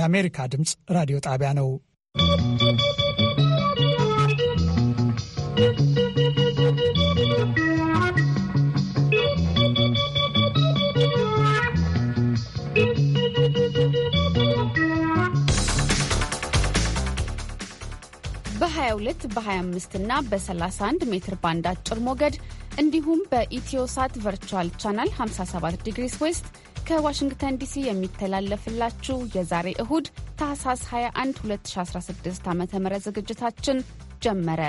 የአሜሪካ ድምፅ ራዲዮ ጣቢያ ነው። በ22 በ25 እና በ31 ሜትር ባንድ አጭር ሞገድ እንዲሁም በኢትዮሳት ቨርቹዋል ቻናል 57 ዲግሪስ ዌስት ከዋሽንግተን ዲሲ የሚተላለፍላችሁ የዛሬ እሁድ ታህሳስ 21 2016 ዓ ም ዝግጅታችን ጀመረ።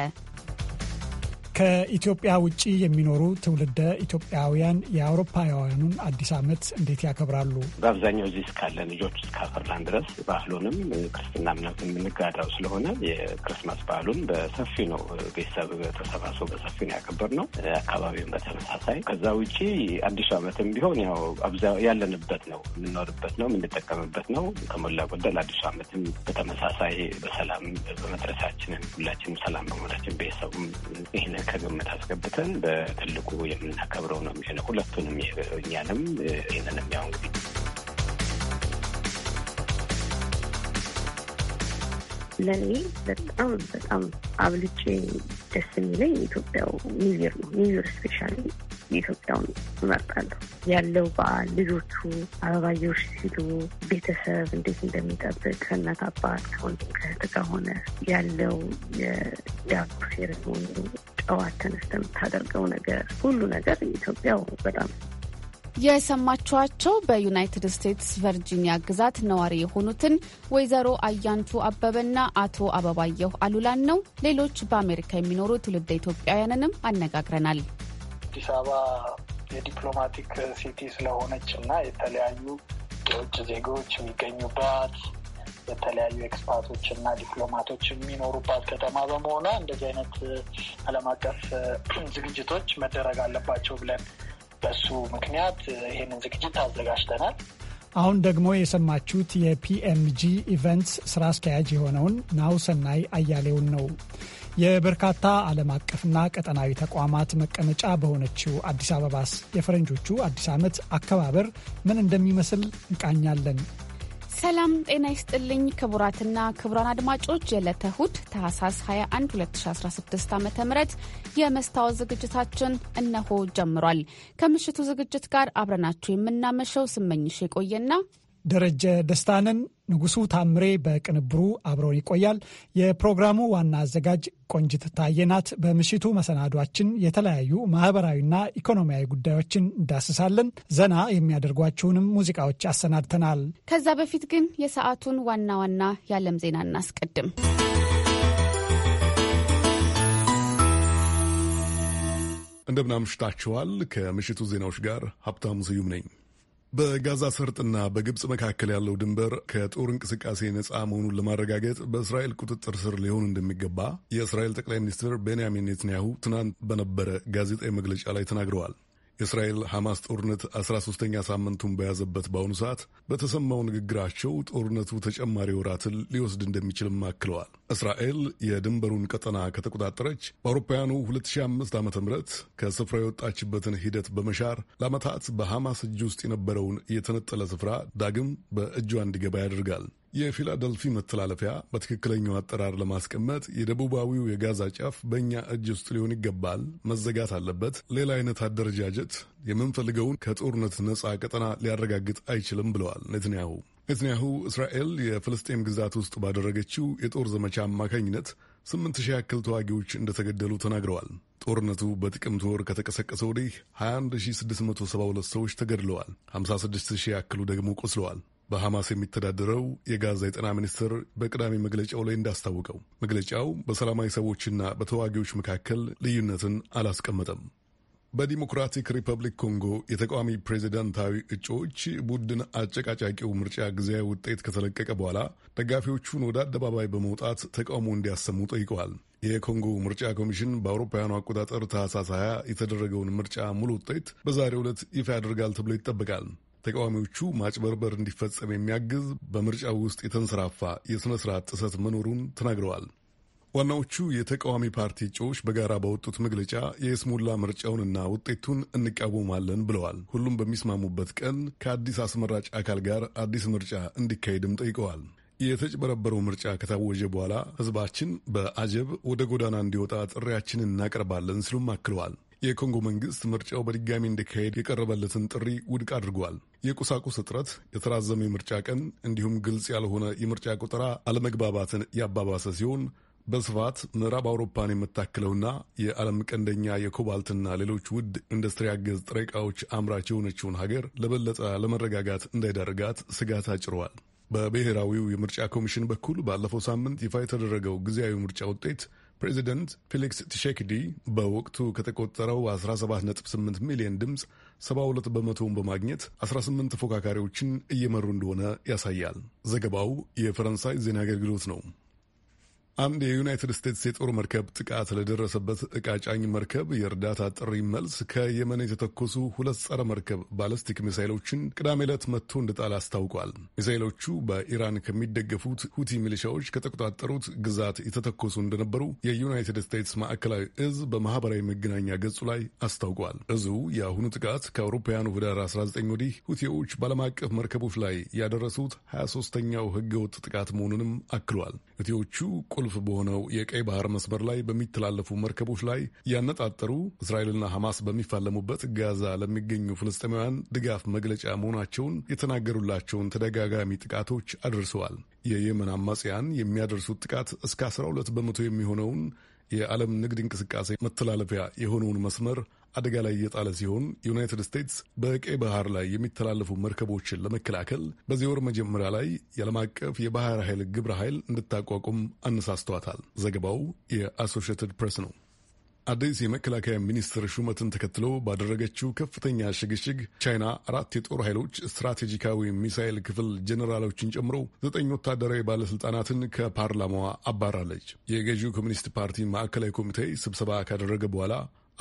ከኢትዮጵያ ውጭ የሚኖሩ ትውልደ ኢትዮጵያውያን የአውሮፓውያኑን አዲስ ዓመት እንዴት ያከብራሉ? በአብዛኛው እዚህ እስካለ ልጆች እስካፈራን ድረስ ባህሉንም ክርስትና እምነት የምንጋዳው ስለሆነ የክርስማስ ባህሉን በሰፊ ነው ቤተሰብ ተሰባስቦ በሰፊ ነው ነው። አካባቢውን በተመሳሳይ ከዛ ውጭ አዲሱ ዓመትም ቢሆን ያው ያለንበት ነው የምንኖርበት ነው የምንጠቀምበት ነው። ከሞላ ጎደል አዲሱ ዓመትም በተመሳሳይ በሰላም በመድረሳችንን ሁላችንም ሰላም በመሆናችን ቤተሰቡም ይህንን ከግምት አስገብተን በትልቁ የምናከብረው ነው የሚሆነው። ሁለቱንም እኛንም ይህንንም ያው እንግዲህ ለእኔ በጣም በጣም አብልጬ ደስ የሚለኝ ኢትዮጵያው ኒው ነው። ኒው ስፔሻል የኢትዮጵያውን ይመርጣሉ። ያለው በዓል ልጆቹ አበባዮች ሲሉ ቤተሰብ እንዴት እንደሚጠብቅ ከእናት አባት፣ ከወንድም ከእህት ያለው የዳጉ ሴሬሞኒ፣ ጨዋት ተነስተ የምታደርገው ነገር ሁሉ ነገር ኢትዮጵያው በጣም የሰማችኋቸው በዩናይትድ ስቴትስ ቨርጂኒያ ግዛት ነዋሪ የሆኑትን ወይዘሮ አያንቱ አበበና አቶ አበባየሁ አሉላን ነው። ሌሎች በአሜሪካ የሚኖሩ ትውልደ ኢትዮጵያውያንንም አነጋግረናል። አዲስ አበባ የዲፕሎማቲክ ሲቲ ስለሆነች እና የተለያዩ የውጭ ዜጎች የሚገኙባት የተለያዩ ኤክስፓቶች እና ዲፕሎማቶች የሚኖሩባት ከተማ በመሆኗ እንደዚህ አይነት ዓለም አቀፍ ዝግጅቶች መደረግ አለባቸው ብለን በሱ ምክንያት ይህንን ዝግጅት አዘጋጅተናል። አሁን ደግሞ የሰማችሁት የፒኤምጂ ኢቨንትስ ስራ አስኪያጅ የሆነውን ናሁሰናይ አያሌውን ነው። የበርካታ ዓለም አቀፍና ቀጠናዊ ተቋማት መቀመጫ በሆነችው አዲስ አበባስ የፈረንጆቹ አዲስ ዓመት አከባበር ምን እንደሚመስል እንቃኛለን። ሰላም ጤና ይስጥልኝ ክቡራትና ክቡራን አድማጮች የዕለተ እሁድ ታህሳስ 21 2016 ዓ ም የመስታወት ዝግጅታችን እነሆ ጀምሯል። ከምሽቱ ዝግጅት ጋር አብረናችሁ የምናመሸው ስመኝሽ የቆየና ደረጀ ደስታንን ንጉሱ ታምሬ በቅንብሩ አብረውን ይቆያል። የፕሮግራሙ ዋና አዘጋጅ ቆንጅት ታየናት። በምሽቱ መሰናዷችን የተለያዩ ማህበራዊና ኢኮኖሚያዊ ጉዳዮችን እንዳስሳለን። ዘና የሚያደርጓችሁንም ሙዚቃዎች አሰናድተናል። ከዛ በፊት ግን የሰዓቱን ዋና ዋና የዓለም ዜና እናስቀድም። እንደምናምሽታችኋል። ከምሽቱ ዜናዎች ጋር ሀብታሙ ስዩም ነኝ። በጋዛ ሰርጥና በግብፅ መካከል ያለው ድንበር ከጦር እንቅስቃሴ ነፃ መሆኑን ለማረጋገጥ በእስራኤል ቁጥጥር ስር ሊሆን እንደሚገባ የእስራኤል ጠቅላይ ሚኒስትር ቤንያሚን ኔትንያሁ ትናንት በነበረ ጋዜጣዊ መግለጫ ላይ ተናግረዋል። የእስራኤል ሐማስ ጦርነት 13ኛ ሳምንቱን በያዘበት በአሁኑ ሰዓት በተሰማው ንግግራቸው ጦርነቱ ተጨማሪ ወራትን ሊወስድ እንደሚችልም አክለዋል። እስራኤል የድንበሩን ቀጠና ከተቆጣጠረች በአውሮፓውያኑ 2005 ዓ ም ከስፍራ የወጣችበትን ሂደት በመሻር ለዓመታት በሐማስ እጅ ውስጥ የነበረውን የተነጠለ ስፍራ ዳግም በእጇ እንዲገባ ያደርጋል። የፊላደልፊ መተላለፊያ በትክክለኛው አጠራር ለማስቀመጥ የደቡባዊው የጋዛ ጫፍ በእኛ እጅ ውስጥ ሊሆን ይገባል፣ መዘጋት አለበት። ሌላ አይነት አደረጃጀት የምንፈልገውን ከጦርነት ነፃ ቀጠና ሊያረጋግጥ አይችልም ብለዋል ኔትንያሁ። ኔትንያሁ እስራኤል የፍልስጤም ግዛት ውስጥ ባደረገችው የጦር ዘመቻ አማካኝነት ስምንት ሺህ ያክል ተዋጊዎች እንደተገደሉ ተናግረዋል። ጦርነቱ በጥቅምት ወር ከተቀሰቀሰ ወዲህ 21672 ሰዎች ተገድለዋል፣ ሺህ ያክሉ ደግሞ ቆስለዋል። በሐማስ የሚተዳደረው የጋዛ የጤና ሚኒስትር በቅዳሜ መግለጫው ላይ እንዳስታወቀው መግለጫው በሰላማዊ ሰዎችና በተዋጊዎች መካከል ልዩነትን አላስቀመጠም። በዲሞክራቲክ ሪፐብሊክ ኮንጎ የተቃዋሚ ፕሬዚዳንታዊ እጩዎች ቡድን አጨቃጫቂው ምርጫ ጊዜያዊ ውጤት ከተለቀቀ በኋላ ደጋፊዎቹን ወደ አደባባይ በመውጣት ተቃውሞ እንዲያሰሙ ጠይቀዋል። የኮንጎ ምርጫ ኮሚሽን በአውሮፓውያኑ አቆጣጠር ታህሳስ 20 የተደረገውን ምርጫ ሙሉ ውጤት በዛሬው ዕለት ይፋ ያደርጋል ተብሎ ይጠበቃል። ተቃዋሚዎቹ ማጭበርበር እንዲፈጸም የሚያግዝ በምርጫው ውስጥ የተንሰራፋ የሥነ ሥርዓት ጥሰት መኖሩን ተናግረዋል። ዋናዎቹ የተቃዋሚ ፓርቲ እጩዎች በጋራ ባወጡት መግለጫ የስሙላ ምርጫውንና ውጤቱን እንቃወማለን ብለዋል። ሁሉም በሚስማሙበት ቀን ከአዲስ አስመራጭ አካል ጋር አዲስ ምርጫ እንዲካሄድም ጠይቀዋል። የተጭበረበረው ምርጫ ከታወጀ በኋላ ሕዝባችን በአጀብ ወደ ጎዳና እንዲወጣ ጥሪያችንን እናቀርባለን ሲሉም አክለዋል። የኮንጎ መንግስት ምርጫው በድጋሚ እንዲካሄድ የቀረበለትን ጥሪ ውድቅ አድርጓል። የቁሳቁስ እጥረት፣ የተራዘመ የምርጫ ቀን እንዲሁም ግልጽ ያልሆነ የምርጫ ቁጠራ አለመግባባትን ያባባሰ ሲሆን በስፋት ምዕራብ አውሮፓን የምታክለውና የዓለም ቀንደኛ የኮባልትና ሌሎች ውድ ኢንዱስትሪ አገዝ ጥሬ ዕቃዎች አምራች የሆነችውን ሀገር ለበለጠ ለመረጋጋት እንዳይዳርጋት ስጋት አጭረዋል። በብሔራዊው የምርጫ ኮሚሽን በኩል ባለፈው ሳምንት ይፋ የተደረገው ጊዜያዊ ምርጫ ውጤት ፕሬዚደንት ፌሊክስ ቲሼክዲ በወቅቱ ከተቆጠረው 17.8 ሚሊዮን ድምፅ 72 በመቶውን በማግኘት 18 ተፎካካሪዎችን እየመሩ እንደሆነ ያሳያል። ዘገባው የፈረንሳይ ዜና አገልግሎት ነው። አንድ የዩናይትድ ስቴትስ የጦር መርከብ ጥቃት ለደረሰበት እቃ ጫኝ መርከብ የእርዳታ ጥሪ መልስ ከየመን የተተኮሱ ሁለት ጸረ መርከብ ባለስቲክ ሚሳይሎችን ቅዳሜ ዕለት መጥቶ እንደጣለ አስታውቋል። ሚሳይሎቹ በኢራን ከሚደገፉት ሁቲ ሚሊሻዎች ከተቆጣጠሩት ግዛት የተተኮሱ እንደነበሩ የዩናይትድ ስቴትስ ማዕከላዊ እዝ በማህበራዊ መገናኛ ገጹ ላይ አስታውቋል። እዙ የአሁኑ ጥቃት ከአውሮፓውያኑ ህዳር 19 ወዲህ ሁቲዎች በዓለም አቀፍ መርከቦች ላይ ያደረሱት 23ኛው ህገወጥ ጥቃት መሆኑንም አክሏል። ሁቲዎቹ ቁልፍ ቁልፍ በሆነው የቀይ ባህር መስመር ላይ በሚተላለፉ መርከቦች ላይ ያነጣጠሩ እስራኤልና ሐማስ በሚፋለሙበት ጋዛ ለሚገኙ ፍልስጤማውያን ድጋፍ መግለጫ መሆናቸውን የተናገሩላቸውን ተደጋጋሚ ጥቃቶች አድርሰዋል። የየመን አማጽያን የሚያደርሱት ጥቃት እስከ 12 በመቶ የሚሆነውን የዓለም ንግድ እንቅስቃሴ መተላለፊያ የሆነውን መስመር አደጋ ላይ እየጣለ ሲሆን ዩናይትድ ስቴትስ በቀይ ባህር ላይ የሚተላለፉ መርከቦችን ለመከላከል በዚህ ወር መጀመሪያ ላይ የዓለም አቀፍ የባህር ኃይል ግብረ ኃይል እንድታቋቁም አነሳስተዋታል። ዘገባው የአሶሽትድ ፕሬስ ነው። አዲስ የመከላከያ ሚኒስትር ሹመትን ተከትሎ ባደረገችው ከፍተኛ ሽግሽግ ቻይና አራት የጦር ኃይሎች ስትራቴጂካዊ ሚሳይል ክፍል ጀኔራሎችን ጨምሮ ዘጠኝ ወታደራዊ ባለስልጣናትን ከፓርላማዋ አባራለች። የገዢው ኮሚኒስት ፓርቲ ማዕከላዊ ኮሚቴ ስብሰባ ካደረገ በኋላ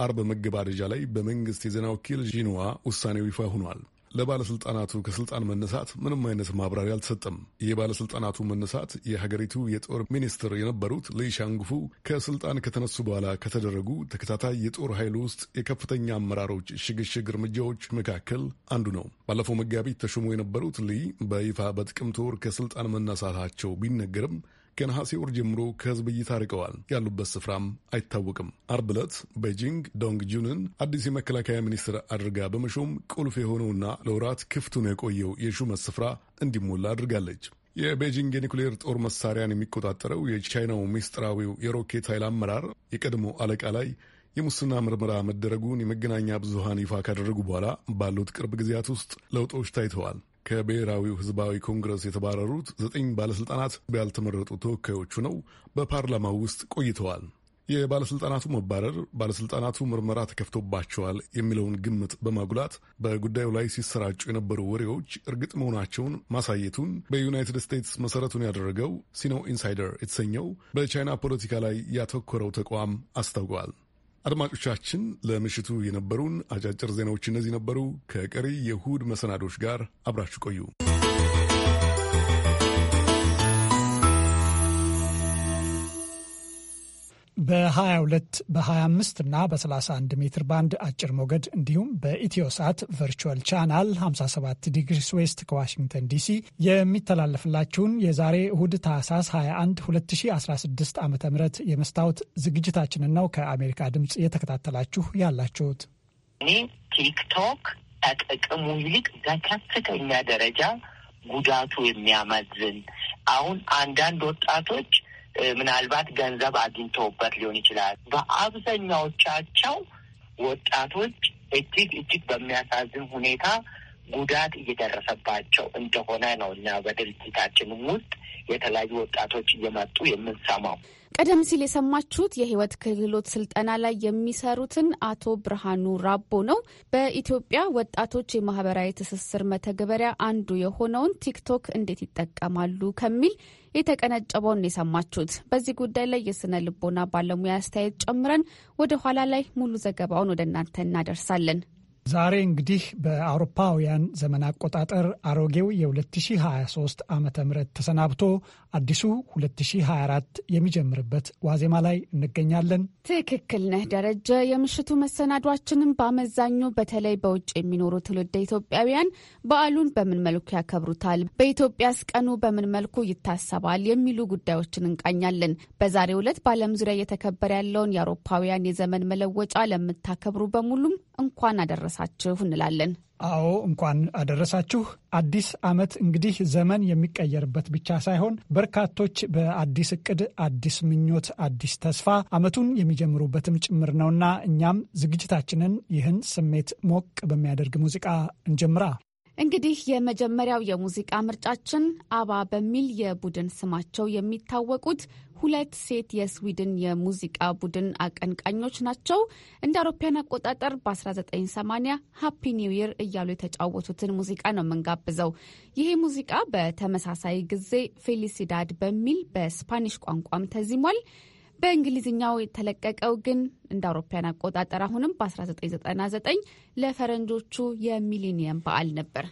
አርብ መገባደጃ ላይ በመንግስት የዜና ወኪል ዢንዋ ውሳኔው ይፋ ሆኗል። ለባለሥልጣናቱ ከሥልጣን መነሳት ምንም አይነት ማብራሪያ አልተሰጠም። የባለሥልጣናቱ መነሳት የሀገሪቱ የጦር ሚኒስትር የነበሩት ለይሻንጉፉ ከሥልጣን ከተነሱ በኋላ ከተደረጉ ተከታታይ የጦር ኃይል ውስጥ የከፍተኛ አመራሮች ሽግሽግ እርምጃዎች መካከል አንዱ ነው። ባለፈው መጋቢት ተሾሞ የነበሩት ልይ በይፋ በጥቅምት ወር ከሥልጣን መነሳታቸው ቢነገርም ከነሐሴ ወር ጀምሮ ከህዝብ እይታ ርቀዋል። ያሉበት ስፍራም አይታወቅም። አርብ ዕለት ቤጂንግ ዶንግ ጁንን አዲስ የመከላከያ ሚኒስትር አድርጋ በመሾም ቁልፍ የሆነውና ለወራት ክፍቱን የቆየው የሹመት ስፍራ እንዲሞላ አድርጋለች። የቤጂንግ የኒኩሌር ጦር መሳሪያን የሚቆጣጠረው የቻይናው ሚስጥራዊው የሮኬት ኃይል አመራር የቀድሞ አለቃ ላይ የሙስና ምርመራ መደረጉን የመገናኛ ብዙሃን ይፋ ካደረጉ በኋላ ባሉት ቅርብ ጊዜያት ውስጥ ለውጦች ታይተዋል። ከብሔራዊው ህዝባዊ ኮንግረስ የተባረሩት ዘጠኝ ባለሥልጣናት ያልተመረጡ ተወካዮቹ ነው በፓርላማው ውስጥ ቆይተዋል። የባለሥልጣናቱ መባረር ባለሥልጣናቱ ምርመራ ተከፍቶባቸዋል የሚለውን ግምት በማጉላት በጉዳዩ ላይ ሲሰራጩ የነበሩ ወሬዎች እርግጥ መሆናቸውን ማሳየቱን በዩናይትድ ስቴትስ መሠረቱን ያደረገው ሲኖ ኢንሳይደር የተሰኘው በቻይና ፖለቲካ ላይ ያተኮረው ተቋም አስታውቀዋል። አድማጮቻችን፣ ለምሽቱ የነበሩን አጫጭር ዜናዎች እነዚህ ነበሩ። ከቀሪ የእሁድ መሰናዶች ጋር አብራችሁ ቆዩ። በ22 በ25 እና በ31 ሜትር ባንድ አጭር ሞገድ እንዲሁም በኢትዮሳት ቨርቹዋል ቻናል 57 ዲግሪ ዌስት ከዋሽንግተን ዲሲ የሚተላለፍላችሁን የዛሬ እሁድ ታህሳስ 21 2016 ዓ ም የመስታወት ዝግጅታችንን ነው ከአሜሪካ ድምፅ እየተከታተላችሁ ያላችሁት። እኔ ቲክቶክ ከጥቅሙ ይልቅ በከፍተኛ ደረጃ ጉዳቱ የሚያመዝን አሁን አንዳንድ ወጣቶች ምናልባት ገንዘብ አግኝተውበት ሊሆን ይችላል። በአብዛኛዎቻቸው ወጣቶች እጅግ እጅግ በሚያሳዝን ሁኔታ ጉዳት እየደረሰባቸው እንደሆነ ነው እና በድርጅታችንም ውስጥ የተለያዩ ወጣቶች እየመጡ የምንሰማው። ቀደም ሲል የሰማችሁት የህይወት ክህሎት ስልጠና ላይ የሚሰሩትን አቶ ብርሃኑ ራቦ ነው። በኢትዮጵያ ወጣቶች የማህበራዊ ትስስር መተግበሪያ አንዱ የሆነውን ቲክቶክ እንዴት ይጠቀማሉ ከሚል የተቀነጨበውን የሰማችሁት። በዚህ ጉዳይ ላይ የስነ ልቦና ባለሙያ አስተያየት ጨምረን ወደ ኋላ ላይ ሙሉ ዘገባውን ወደ እናንተ እናደርሳለን። ዛሬ እንግዲህ በአውሮፓውያን ዘመን አቆጣጠር አሮጌው የ2023 ዓ ም ተሰናብቶ አዲሱ 2024 የሚጀምርበት ዋዜማ ላይ እንገኛለን። ትክክል ነህ ደረጀ። የምሽቱ መሰናዷችንም በአመዛኙ በተለይ በውጭ የሚኖሩ ትውልደ ኢትዮጵያውያን በዓሉን በምን መልኩ ያከብሩታል፣ በኢትዮጵያስ ቀኑ በምን መልኩ ይታሰባል የሚሉ ጉዳዮችን እንቃኛለን። በዛሬው ዕለት በዓለም ዙሪያ እየተከበረ ያለውን የአውሮፓውያን የዘመን መለወጫ ለምታከብሩ በሙሉም እንኳን አደረሰ አደረሳችሁ እንላለን። አዎ እንኳን አደረሳችሁ። አዲስ ዓመት እንግዲህ ዘመን የሚቀየርበት ብቻ ሳይሆን በርካቶች በአዲስ እቅድ፣ አዲስ ምኞት፣ አዲስ ተስፋ ዓመቱን የሚጀምሩበትም ጭምር ነውና እኛም ዝግጅታችንን ይህን ስሜት ሞቅ በሚያደርግ ሙዚቃ እንጀምራ። እንግዲህ የመጀመሪያው የሙዚቃ ምርጫችን አባ በሚል የቡድን ስማቸው የሚታወቁት ሁለት ሴት የስዊድን የሙዚቃ ቡድን አቀንቃኞች ናቸው። እንደ አውሮፓያን አቆጣጠር በ1980 ሃፒ ኒው ይር እያሉ የተጫወቱትን ሙዚቃ ነው የምንጋብዘው። ይሄ ሙዚቃ በተመሳሳይ ጊዜ ፌሊሲዳድ በሚል በስፓኒሽ ቋንቋም ተዚሟል። በእንግሊዝኛው የተለቀቀው ግን እንደ አውሮፓያን አቆጣጠር አሁንም በ1999 ለፈረንጆቹ የሚሊኒየም በዓል ነበር።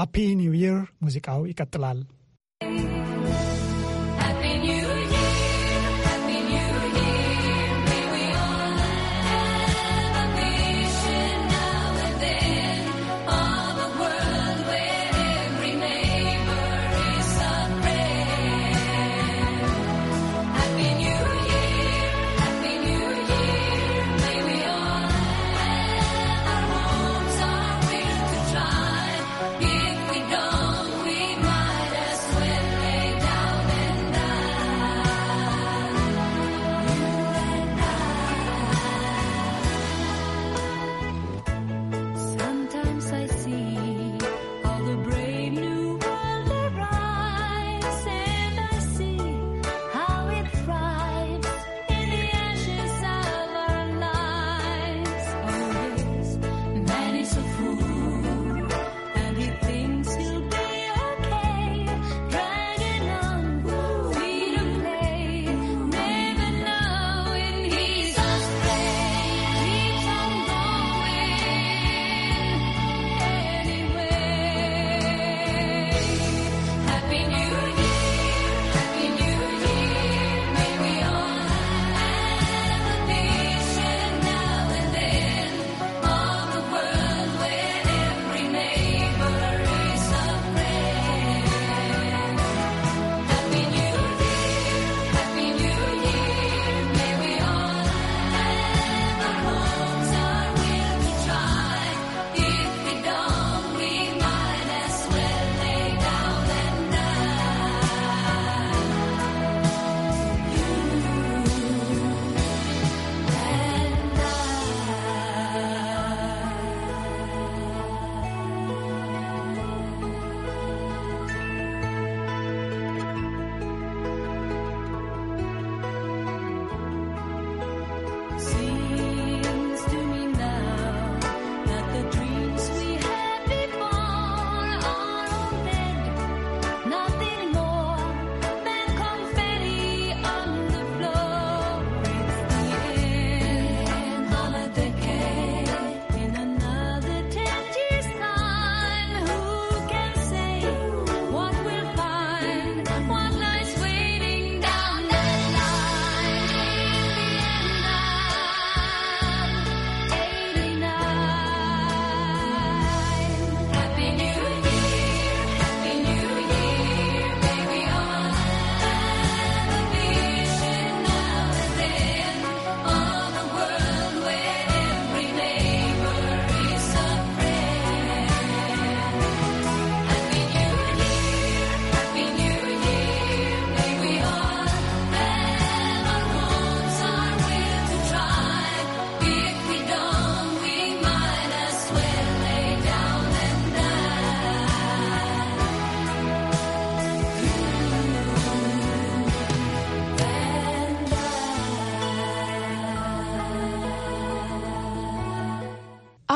ሃፒ ኒው ይር ሙዚቃው ይቀጥላል።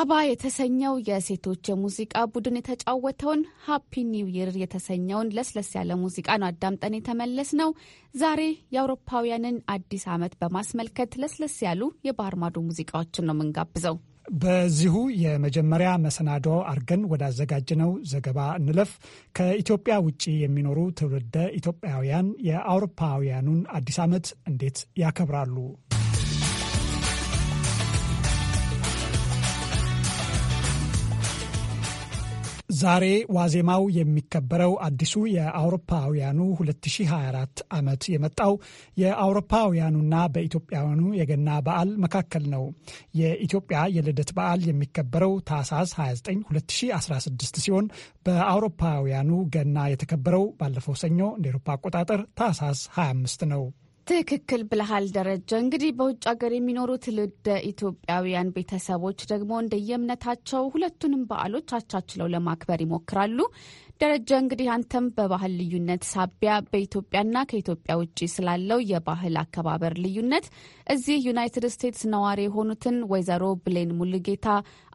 አባ የተሰኘው የሴቶች የሙዚቃ ቡድን የተጫወተውን ሀፒ ኒው ይር የተሰኘውን ለስለስ ያለ ሙዚቃ ነው አዳምጠን የተመለስ ነው። ዛሬ የአውሮፓውያንን አዲስ ዓመት በማስመልከት ለስለስ ያሉ የባህር ማዶ ሙዚቃዎችን ነው የምንጋብዘው። በዚሁ የመጀመሪያ መሰናዶ አርገን ወዳዘጋጀነው ዘገባ እንለፍ። ከኢትዮጵያ ውጭ የሚኖሩ ትውልደ ኢትዮጵያውያን የአውሮፓውያኑን አዲስ ዓመት እንዴት ያከብራሉ? ዛሬ ዋዜማው የሚከበረው አዲሱ የአውሮፓውያኑ 2024 ዓመት የመጣው የአውሮፓውያኑና በኢትዮጵያውያኑ የገና በዓል መካከል ነው። የኢትዮጵያ የልደት በዓል የሚከበረው ታህሳስ 29 2016 ሲሆን በአውሮፓውያኑ ገና የተከበረው ባለፈው ሰኞ እንደ ኤሮፓ አቆጣጠር ታህሳስ 25 ነው። ትክክል ብለሃል ደረጀ። እንግዲህ በውጭ ሀገር የሚኖሩ ትውልደ ኢትዮጵያውያን ቤተሰቦች ደግሞ እንደየእምነታቸው ሁለቱንም በዓሎች አቻችለው ለማክበር ይሞክራሉ። ደረጃ እንግዲህ አንተም በባህል ልዩነት ሳቢያ በኢትዮጵያና ከኢትዮጵያ ውጭ ስላለው የባህል አከባበር ልዩነት እዚህ ዩናይትድ ስቴትስ ነዋሪ የሆኑትን ወይዘሮ ብሌን ሙሉጌታ፣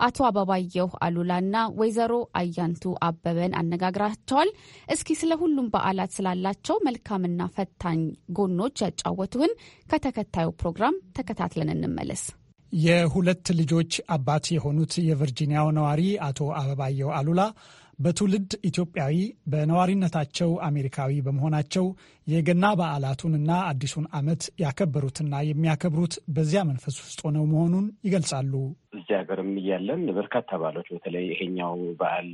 አቶ አበባየሁ አሉላና ወይዘሮ አያንቱ አበበን አነጋግራቸዋል። እስኪ ስለ ሁሉም በዓላት ስላላቸው መልካምና ፈታኝ ጎኖች ያጫወቱህን ከተከታዩ ፕሮግራም ተከታትለን እንመለስ። የሁለት ልጆች አባት የሆኑት የቨርጂኒያው ነዋሪ አቶ አበባየሁ አሉላ በትውልድ ኢትዮጵያዊ በነዋሪነታቸው አሜሪካዊ በመሆናቸው የገና በዓላቱንና አዲሱን ዓመት ያከበሩትና የሚያከብሩት በዚያ መንፈስ ውስጥ ሆነው መሆኑን ይገልጻሉ። እዚህ ሀገርም እያለን በርካታ በዓሎች በተለይ ይሄኛው በዓል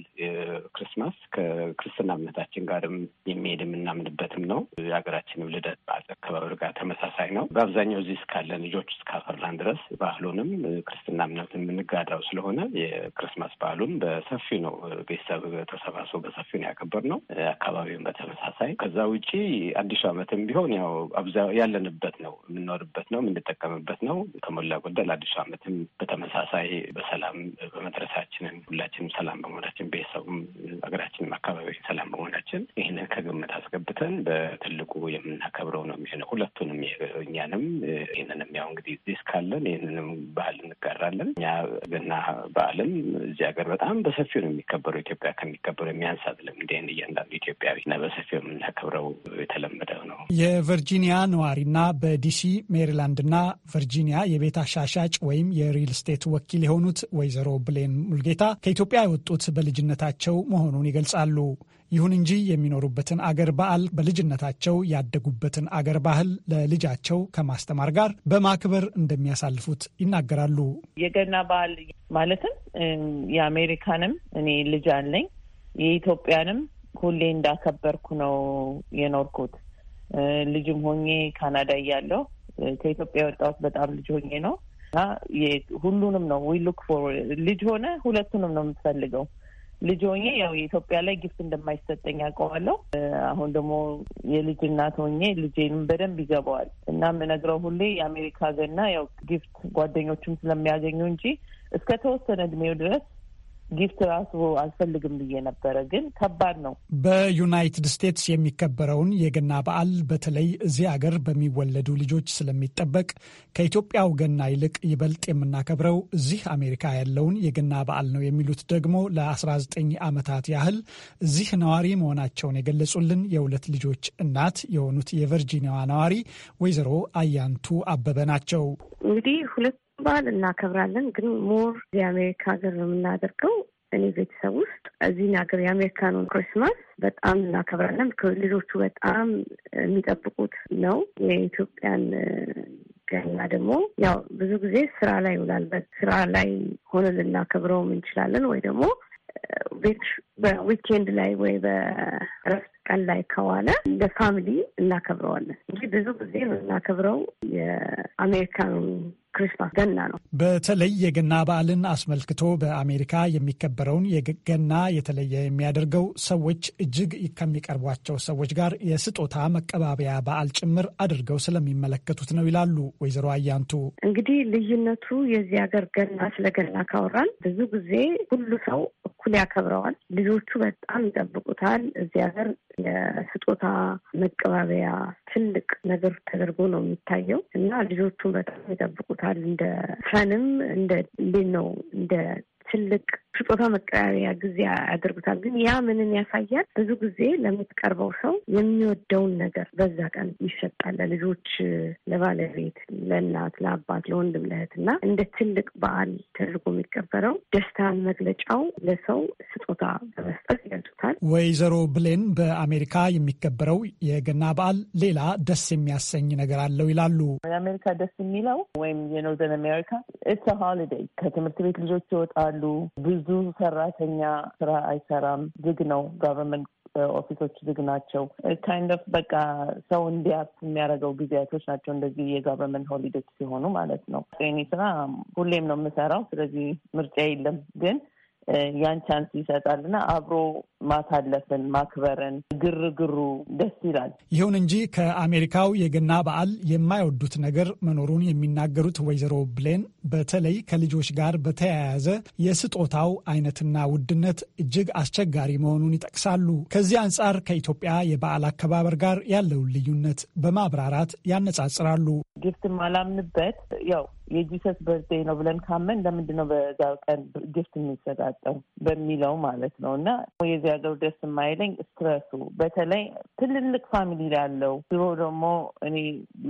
ክርስማስ ከክርስትና እምነታችን ጋርም የሚሄድ የምናምንበትም ነው። የሀገራችንም ልደት በዓል አከባበር ጋር ተመሳሳይ ነው። በአብዛኛው እዚህ እስካለን ልጆች እስካፈራን ድረስ ባህሉንም ክርስትና እምነትን የምንጋዳው ስለሆነ የክርስማስ በዓሉን በሰፊው ነው ቤተሰብ ተሰባስቦ በሰፊው ነው ያከበር ነው። አካባቢውን በተመሳሳይ ከዛ ውጪ አዲሱ ዓመትም ቢሆን ያው አብዛ ያለንበት ነው የምንኖርበት ነው የምንጠቀምበት ነው። ከሞላ ጎደል አዲሱ ዓመትም በተመሳሳይ በሰላም በመድረሳችንን ሁላችንም ሰላም በመሆናችን ቤተሰቡም ሀገራችንም አካባቢ ሰላም በመሆናችን ይህንን ከግምት አስገብተን በትልቁ የምናከብረው ነው የሚሆነው። ሁለቱንም እኛንም ይህንንም ያው እንግዲህ እዚህ እስካለን ይህንንም ባህል እንጋራለን። እኛ ገና በዓልን እዚህ ሀገር በጣም በሰፊው ነው የሚከበረው። ኢትዮጵያ ከሚከበረው የሚያንስ አይደለም። እንዲህን እያንዳንዱ ኢትዮጵያዊ እና በሰፊው የምናከብረው የተለ የተለመደው ነው። የቨርጂኒያ ነዋሪና በዲሲ ሜሪላንድና ቨርጂኒያ የቤት አሻሻጭ ወይም የሪል ስቴት ወኪል የሆኑት ወይዘሮ ብሌን ሙልጌታ ከኢትዮጵያ የወጡት በልጅነታቸው መሆኑን ይገልጻሉ። ይሁን እንጂ የሚኖሩበትን አገር በዓል በልጅነታቸው ያደጉበትን አገር ባህል ለልጃቸው ከማስተማር ጋር በማክበር እንደሚያሳልፉት ይናገራሉ። የገና በዓል ማለትም የአሜሪካንም እኔ ልጅ አለኝ የኢትዮጵያንም ሁሌ እንዳከበርኩ ነው የኖርኩት። ልጅም ሆኜ ካናዳ እያለሁ ከኢትዮጵያ የወጣሁት በጣም ልጅ ሆኜ ነው እና ሁሉንም ነው ዊ ሉክ ፎር ልጅ ሆነ ሁለቱንም ነው የምትፈልገው። ልጅ ሆኜ ያው የኢትዮጵያ ላይ ጊፍት እንደማይሰጠኝ ያውቀዋለሁ። አሁን ደግሞ የልጅ እናት ሆኜ ልጄንም በደንብ ይገባዋል እና የምነግረው ሁሌ የአሜሪካ ገና ያው ጊፍት ጓደኞቹም ስለሚያገኙ እንጂ እስከ ተወሰነ እድሜው ድረስ ጊፍት ራሱ አልፈልግም ብዬ ነበረ፣ ግን ከባድ ነው። በዩናይትድ ስቴትስ የሚከበረውን የገና በዓል በተለይ እዚህ አገር በሚወለዱ ልጆች ስለሚጠበቅ ከኢትዮጵያው ገና ይልቅ ይበልጥ የምናከብረው እዚህ አሜሪካ ያለውን የገና በዓል ነው የሚሉት ደግሞ ለ19 ዓመታት ያህል እዚህ ነዋሪ መሆናቸውን የገለጹልን የሁለት ልጆች እናት የሆኑት የቨርጂኒያዋ ነዋሪ ወይዘሮ አያንቱ አበበ ናቸው። እንግዲህ ሁለት ባህል እናከብራለን። ግን ሞር የአሜሪካ ሀገር ነው የምናደርገው። እኔ ቤተሰብ ውስጥ እዚህ ሀገር የአሜሪካኑን ክሪስማስ በጣም እናከብራለን። ልጆቹ በጣም የሚጠብቁት ነው። የኢትዮጵያን ገና ደግሞ ያው ብዙ ጊዜ ስራ ላይ ይውላል። በስራ ላይ ሆነ ልናከብረውም እንችላለን ወይ ደግሞ በዊኬንድ ላይ ወይ በእረፍት ቀን ላይ ከዋለ እንደ ፋሚሊ እናከብረዋለን እንጂ ብዙ ጊዜ የምናከብረው የአሜሪካኑ ክሪስማስ ገና ነው። በተለይ የገና በዓልን አስመልክቶ በአሜሪካ የሚከበረውን የገና የተለየ የሚያደርገው ሰዎች እጅግ ከሚቀርቧቸው ሰዎች ጋር የስጦታ መቀባበያ በዓል ጭምር አድርገው ስለሚመለከቱት ነው ይላሉ ወይዘሮ አያንቱ። እንግዲህ ልዩነቱ የዚህ ሀገር ገና ስለ ገና ካወራል ብዙ ጊዜ ሁሉ ሰው እኩል ያከብረዋል። ልጆቹ በጣም ይጠብቁታል። እዚህ ሀገር የስጦታ መቀባበያ ትልቅ ነገር ተደርጎ ነው የሚታየው እና ልጆቹን በጣም ይጠብቁታል። እንደ ፈንም እንደ እንዴት ነው እንደ ትልቅ ስጦታ መቀያሪያ ጊዜ ያደርጉታል። ግን ያ ምንን ያሳያል? ብዙ ጊዜ ለምትቀርበው ሰው የሚወደውን ነገር በዛ ቀን ይሸጣል። ለልጆች፣ ለባለቤት፣ ለእናት፣ ለአባት፣ ለወንድም፣ ለእህት እንደ ትልቅ በዓል ተደርጎ የሚቀበረው ደስታን መግለጫው ለሰው ስጦታ በመስጠት ይገልጹታል። ወይዘሮ ብሌን በአሜሪካ የሚከበረው የገና በዓል ሌላ ደስ የሚያሰኝ ነገር አለው ይላሉ። የአሜሪካ ደስ የሚለው ወይም የኖርዘን አሜሪካ ኢትስ ሆሊዴይ ከትምህርት ቤት ልጆች ይወጣሉ ብዙ ሰራተኛ ስራ አይሰራም፣ ዝግ ነው ጋቨርንመንት ኦፊሶች uh, ዝግ ናቸው። ካይንድ ኦፍ በቃ ሰው እንዲያርፍ የሚያደርገው ጊዜያቶች ናቸው። እንደዚህ የጋቨርንመንት ሆሊዴች ሲሆኑ ማለት ነው። ኔ ስራ ሁሌም ነው የምሰራው። ስለዚህ ምርጫ የለም ግን ያን ቻንስ ይሰጣል አብሮ ማሳለፍን ማክበርን፣ ግርግሩ ደስ ይላል። ይሁን እንጂ ከአሜሪካው የገና በዓል የማይወዱት ነገር መኖሩን የሚናገሩት ወይዘሮ ብሌን በተለይ ከልጆች ጋር በተያያዘ የስጦታው አይነትና ውድነት እጅግ አስቸጋሪ መሆኑን ይጠቅሳሉ። ከዚህ አንጻር ከኢትዮጵያ የበዓል አከባበር ጋር ያለውን ልዩነት በማብራራት ያነጻጽራሉ። ግፍት ማላምንበት ያው የጂሰስ በርቴ ነው ብለን ካመን ለምንድን ነው በዛ ቀን ግፍት የሚሰጣጠው በሚለው ማለት ነው። እና የዚህ ሀገር ደስ የማይለኝ ስትረሱ በተለይ ትልልቅ ፋሚሊ ያለው ድሮ ደግሞ እኔ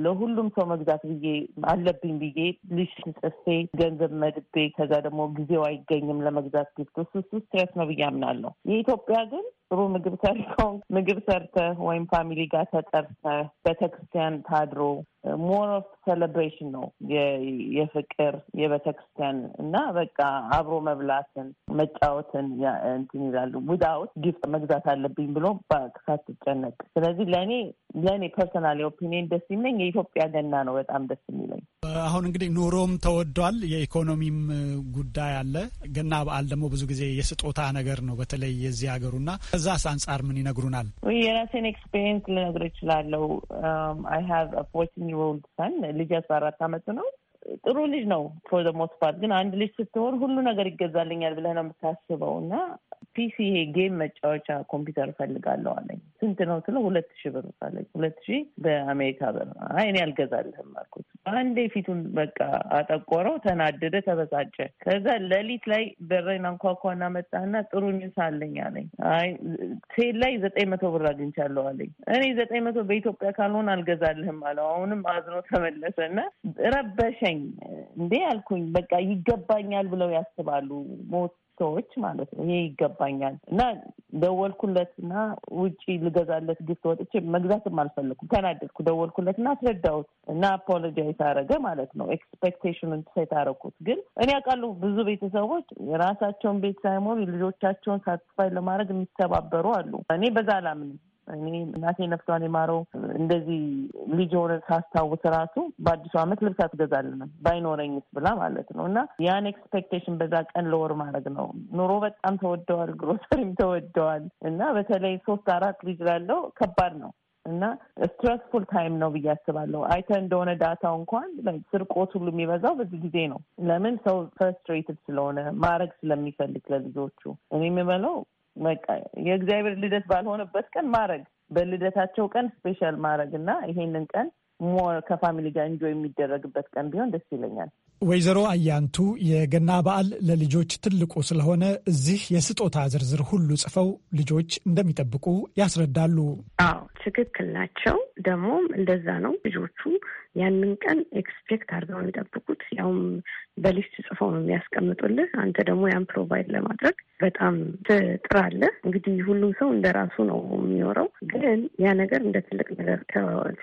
ለሁሉም ሰው መግዛት ብዬ አለብኝ ብዬ ልሽ ጽፌ ገንዘብ መድቤ ከዛ ደግሞ ጊዜው አይገኝም ለመግዛት ግፍት እሱ እሱ ስትረስ ነው ብዬ አምናለሁ። የኢትዮጵያ ግን ጥሩ ምግብ ሰርተው ምግብ ሰርተህ ወይም ፋሚሊ ጋር ተጠርተህ ቤተክርስቲያን ታድሮ ሞር ኦፍ ሴሌብሬሽን ነው የፍቅር የቤተክርስቲያን እና በቃ አብሮ መብላትን መጫወትን እንትን ይላሉ። ውዳውት ጊፍት መግዛት አለብኝ ብሎ ሳትጨነቅ። ስለዚህ ለእኔ ለእኔ ፐርሰናል ኦፒኒን ደስ የሚለኝ የኢትዮጵያ ገና ነው በጣም ደስ የሚለኝ። አሁን እንግዲህ ኑሮም ተወዷል፣ የኢኮኖሚም ጉዳይ አለ። ገና በዓል ደግሞ ብዙ ጊዜ የስጦታ ነገር ነው በተለይ የዚህ ሀገሩና ከዛስ አንጻር ምን ይነግሩናል? የራሴን ኤክስፔሪንስ ልነግር እችላለሁ። አይ ሃቭ አ ፎርቲን ይር ኦልድ ሰን ልጅ አስራ አራት አመት ነው። ጥሩ ልጅ ነው ፎር ሞስት ፓርት። ግን አንድ ልጅ ስትሆን ሁሉ ነገር ይገዛልኛል ብለህ ነው የምታስበው እና ፒሲ ይሄ ጌም መጫወቻ ኮምፒውተር እፈልጋለሁ አለኝ። ስንት ነው ስለ ሁለት ሺ ብር አለኝ። ሁለት ሺ በአሜሪካ ብር። አይኔ አልገዛልህም አልኩት። አንዴ ፊቱን በቃ አጠቆረው፣ ተናደደ፣ ተበሳጨ። ከዛ ሌሊት ላይ በሬን አንኳኳና መጣህና ጥሩ ኒውስ አለኝ አለኝ። አይ ሴል ላይ ዘጠኝ መቶ ብር አግኝቻለሁ አለኝ። እኔ ዘጠኝ መቶ በኢትዮጵያ ካልሆን አልገዛልህም አለው። አሁንም አዝኖ ተመለሰና ረበሸኝ። እንዴ አልኩኝ። በቃ ይገባኛል ብለው ያስባሉ ሞት ሰዎች ማለት ነው። ይሄ ይገባኛል እና ደወልኩለት እና ውጭ ልገዛለት ግፍት ወጥቼ መግዛትም አልፈለኩም። ተናደድኩ። ደወልኩለት እና አስረዳሁት እና አፖሎጃይዝ አረገ ማለት ነው። ኤክስፔክቴሽኑን ሴት አረኩት። ግን እኔ አውቃለሁ ብዙ ቤተሰቦች የራሳቸውን ቤት ሳይሞሉ ልጆቻቸውን ሳትስፋይ ለማድረግ የሚተባበሩ አሉ። እኔ በዛ አላምንም። እኔ እናቴ ነፍሷን የማረው እንደዚህ ልጅ ሆነ ሳስታውስ ራሱ በአዲሱ ዓመት ልብስ አትገዛልንም ባይኖረኝስ ብላ ማለት ነው። እና ያን ኤክስፔክቴሽን በዛ ቀን ለወር ማድረግ ነው። ኑሮ በጣም ተወደዋል፣ ግሮሰሪም ተወደዋል። እና በተለይ ሶስት አራት ልጅ ላለው ከባድ ነው እና ስትረስፉል ታይም ነው ብዬ አስባለሁ። አይተ እንደሆነ ዳታው እንኳን ስርቆት ሁሉ የሚበዛው በዚህ ጊዜ ነው። ለምን ሰው ፍረስትሬትድ ስለሆነ ማድረግ ስለሚፈልግ ለልጆቹ እኔ የምበለው በቃ የእግዚአብሔር ልደት ባልሆነበት ቀን ማድረግ በልደታቸው ቀን ስፔሻል ማድረግ እና ይሄንን ቀን ሞር ከፋሚሊ ጋር እንጆ የሚደረግበት ቀን ቢሆን ደስ ይለኛል። ወይዘሮ አያንቱ የገና በዓል ለልጆች ትልቁ ስለሆነ እዚህ የስጦታ ዝርዝር ሁሉ ጽፈው ልጆች እንደሚጠብቁ ያስረዳሉ። አዎ ትክክል ናቸው። ደግሞም እንደዛ ነው። ልጆቹ ያንን ቀን ኤክስፔክት አድርገው የሚጠብቁት ያውም በሊስት ጽፎ ነው የሚያስቀምጡልህ። አንተ ደግሞ ያን ፕሮቫይድ ለማድረግ በጣም ትጥራለህ። እንግዲህ ሁሉም ሰው እንደ ራሱ ነው የሚኖረው፣ ግን ያ ነገር እንደ ትልቅ ነገር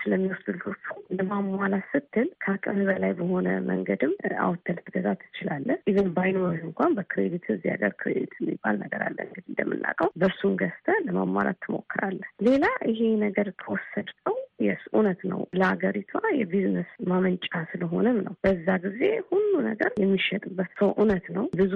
ስለሚወስዱ ልጆቹ ለማሟላት ስትል ከአቅም በላይ በሆነ መንገድም አውጥተህ ልትገዛ ትችላለህ። ኢቨን ባይኖር እንኳን በክሬዲት እዚህ ሀገር ክሬዲት የሚባል ነገር አለ እንግዲህ እንደምናውቀው፣ በእርሱን ገዝተህ ለማሟላት ትሞክራለህ። ሌላ ይሄ ነገር ከወሰድከው የስ እውነት ነው ለሀገሪቷ የቢዝነስ ማመንጫ ስለሆነም ነው በዛ ጊዜ ሁሉ ነገር ነገር የሚሸጥበት ሰው እውነት ነው። ብዙ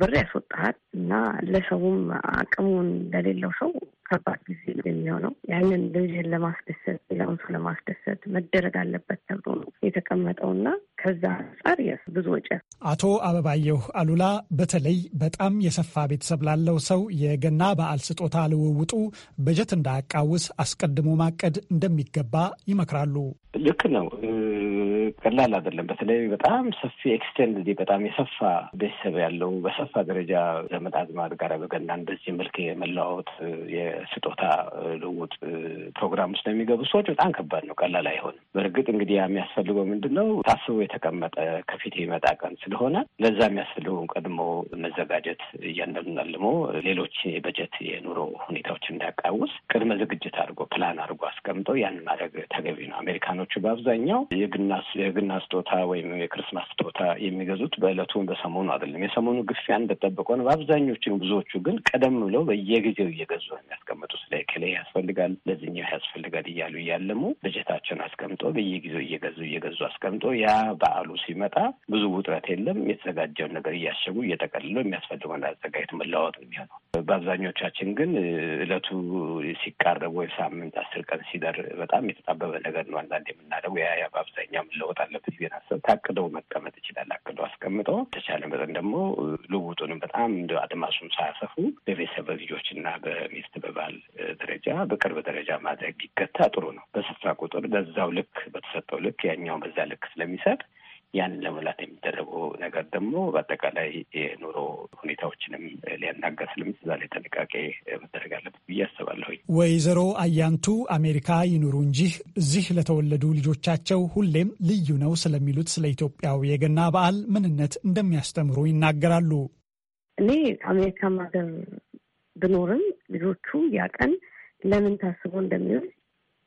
ብር ያስወጣሃል እና ለሰውም አቅሙን ለሌለው ሰው ከባድ ጊዜ የሚሆነው ያንን ልጅህን ለማስደሰት ሌላውን ሰው ለማስደሰት መደረግ አለበት ተብሎ ነው የተቀመጠውና ከዛ አንጻር የስ ብዙ ወጪ አቶ አበባየሁ አሉላ በተለይ በጣም የሰፋ ቤተሰብ ላለው ሰው የገና በዓል ስጦታ ልውውጡ በጀት እንዳያቃውስ አስቀድሞ ማቀድ እንደሚገባ ይመክራሉ። ልክ ነው። ቀላል አይደለም። በተለይ በጣም ሰፊ ኤክስቴንድ በጣም የሰፋ ቤተሰብ ያለው በሰፋ ደረጃ ዘመድ አዝማድ ጋር በገና እንደዚህ መልክ የመለዋወጥ የስጦታ ልውውጥ ፕሮግራም ውስጥ የሚገቡ ሰዎች በጣም ከባድ ነው፣ ቀላል አይሆንም። በእርግጥ እንግዲህ የሚያስፈልገው ምንድን ነው ታስቦ የተቀመጠ ከፊት የሚመጣ ቀን ስለሆነ ለዛ የሚያስፈልገውን ቀድሞ መዘጋጀት እያንዳንዱን ሌሎች የበጀት የኑሮ ሁኔታዎች እንዳያቃውስ ቅድመ ዝግጅት አድርጎ ፕላን አድርጎ አስቀምጠው ያን ማድረግ ተገቢ ነው። አሜሪካኖቹ በአብዛኛው የግናሱ የግና ስጦታ ወይም የክርስማስ ስጦታ የሚገዙት በእለቱን በሰሞኑ አይደለም። የሰሞኑ ግፊያ እንደጠበቀ ነው። በአብዛኞቹን ብዙዎቹ ግን ቀደም ብለው በየጊዜው እየገዙ ነው የሚያስቀምጡት። ለእከሌ ያስፈልጋል፣ ለዚህኛው ያስፈልጋል እያሉ እያለሙ በጀታቸውን አስቀምጦ በየጊዜው እየገዙ እየገዙ አስቀምጦ ያ በዓሉ ሲመጣ ብዙ ውጥረት የለም። የተዘጋጀውን ነገር እያሸጉ እየጠቀልለው የሚያስፈልገውን አዘጋጀት መለዋወጥ የሚሆነው። በአብዛኞቻችን ግን እለቱ ሲቃረብ ወይ ሳምንት አስር ቀን ሲደር በጣም የተጣበበ ነገር ነው አንዳንድ የምናደርገው ያ በአብዛኛው ምለው መለወጥ አለበት ቤት ታስብ ታቅደው መቀመጥ ይችላል። አቅዶ አስቀምጦ ተቻለ መጠን ደግሞ ልውጡንም በጣም እንደ አድማሱን ሳያሰፉ በቤተሰብ በልጆች በልጆችና በሚስት በባል ደረጃ በቅርብ ደረጃ ማድረግ ይገታ ጥሩ ነው። በስፍራ ቁጥር በዛው ልክ በተሰጠው ልክ ያኛው በዛ ልክ ስለሚሰጥ ያንን ለመላት የሚደረገው ነገር ደግሞ በአጠቃላይ የኑሮ ሁኔታዎችንም ሊያናገር ስለሚችል ጥንቃቄ መደረግ አለበት ብዬ አስባለሁኝ። ወይዘሮ አያንቱ አሜሪካ ይኑሩ እንጂ እዚህ ለተወለዱ ልጆቻቸው ሁሌም ልዩ ነው ስለሚሉት ስለ ኢትዮጵያው የገና በዓል ምንነት እንደሚያስተምሩ ይናገራሉ። እኔ አሜሪካ ሀገር ብኖርም ልጆቹ ያቀን ለምን ታስቦ እንደሚውል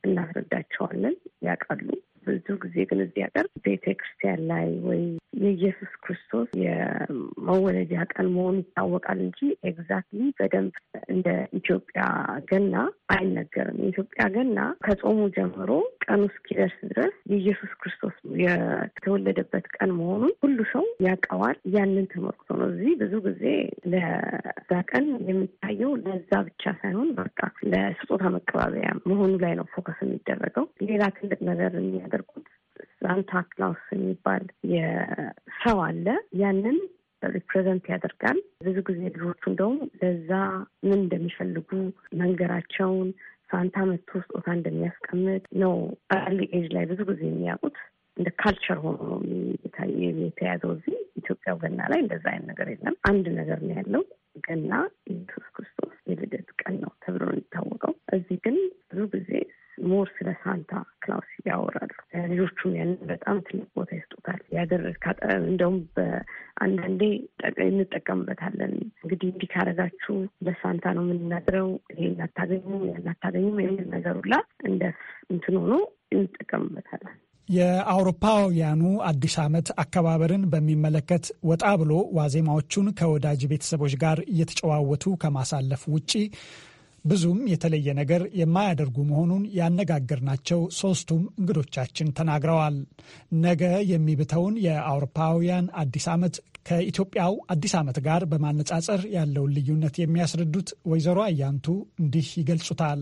እናስረዳቸዋለን። ያውቃሉ። ብዙ ጊዜ ግን እዚህ ሀገር ቤተ ክርስቲያን ላይ ወይ የኢየሱስ ክርስቶስ የመወለጃ ቀን መሆኑ ይታወቃል እንጂ ኤግዛክትሊ በደንብ እንደ ኢትዮጵያ ገና አይነገርም። የኢትዮጵያ ገና ከጾሙ ጀምሮ ቀኑ እስኪደርስ ድረስ የኢየሱስ ክርስቶስ የተወለደበት ቀን መሆኑን ሁሉ ሰው ያውቀዋል። ያንን ተመርኩዞ ነው እዚህ ብዙ ጊዜ ለዛ ቀን የሚታየው ለዛ ብቻ ሳይሆን በቃ ለስጦታ መቀባበያ መሆኑ ላይ ነው ፎከስ የሚደረገው ሌላ ትልቅ ነገር የሚያደርጉት ሳንታ ክላውስ የሚባል የሰው አለ። ያንን ሪፕሬዘንት ያደርጋል። ብዙ ጊዜ ልጆቹ እንደውም ለዛ ምን እንደሚፈልጉ መንገራቸውን ሳንታ መቶ ስጦታ እንደሚያስቀምጥ ነው አርሊ ኤጅ ላይ ብዙ ጊዜ የሚያውቁት። እንደ ካልቸር ሆኖ ነው የተያዘው። እዚህ ኢትዮጵያው ገና ላይ እንደዛ አይነት ነገር የለም። አንድ ነገር ነው ያለው። ገና ኢየሱስ ክርስቶስ የልደት ቀን ነው ተብሎ ነው የሚታወቀው። እዚህ ግን ብዙ ጊዜ ሞር ስለ ሳንታ ክላውስ ያወራሉ። ልጆቹም ያንን በጣም ትልቅ ቦታ ይሰጡታል። ያደረግ እንደውም በአንዳንዴ እንጠቀምበታለን። እንግዲህ እንዲህ ካረጋችሁ ለሳንታ ነው የምንነግረው፣ ይሄ እናታገኙም እናታገኙም የሚል ነገሩላ እንደ እንትን ሆኖ እንጠቀምበታለን። የአውሮፓውያኑ አዲስ ዓመት አከባበርን በሚመለከት ወጣ ብሎ ዋዜማዎቹን ከወዳጅ ቤተሰቦች ጋር እየተጨዋወቱ ከማሳለፍ ውጪ ብዙም የተለየ ነገር የማያደርጉ መሆኑን ያነጋገርናቸው ሶስቱም እንግዶቻችን ተናግረዋል። ነገ የሚብተውን የአውሮፓውያን አዲስ ዓመት ከኢትዮጵያው አዲስ ዓመት ጋር በማነጻጸር ያለውን ልዩነት የሚያስረዱት ወይዘሮ አያንቱ እንዲህ ይገልጹታል።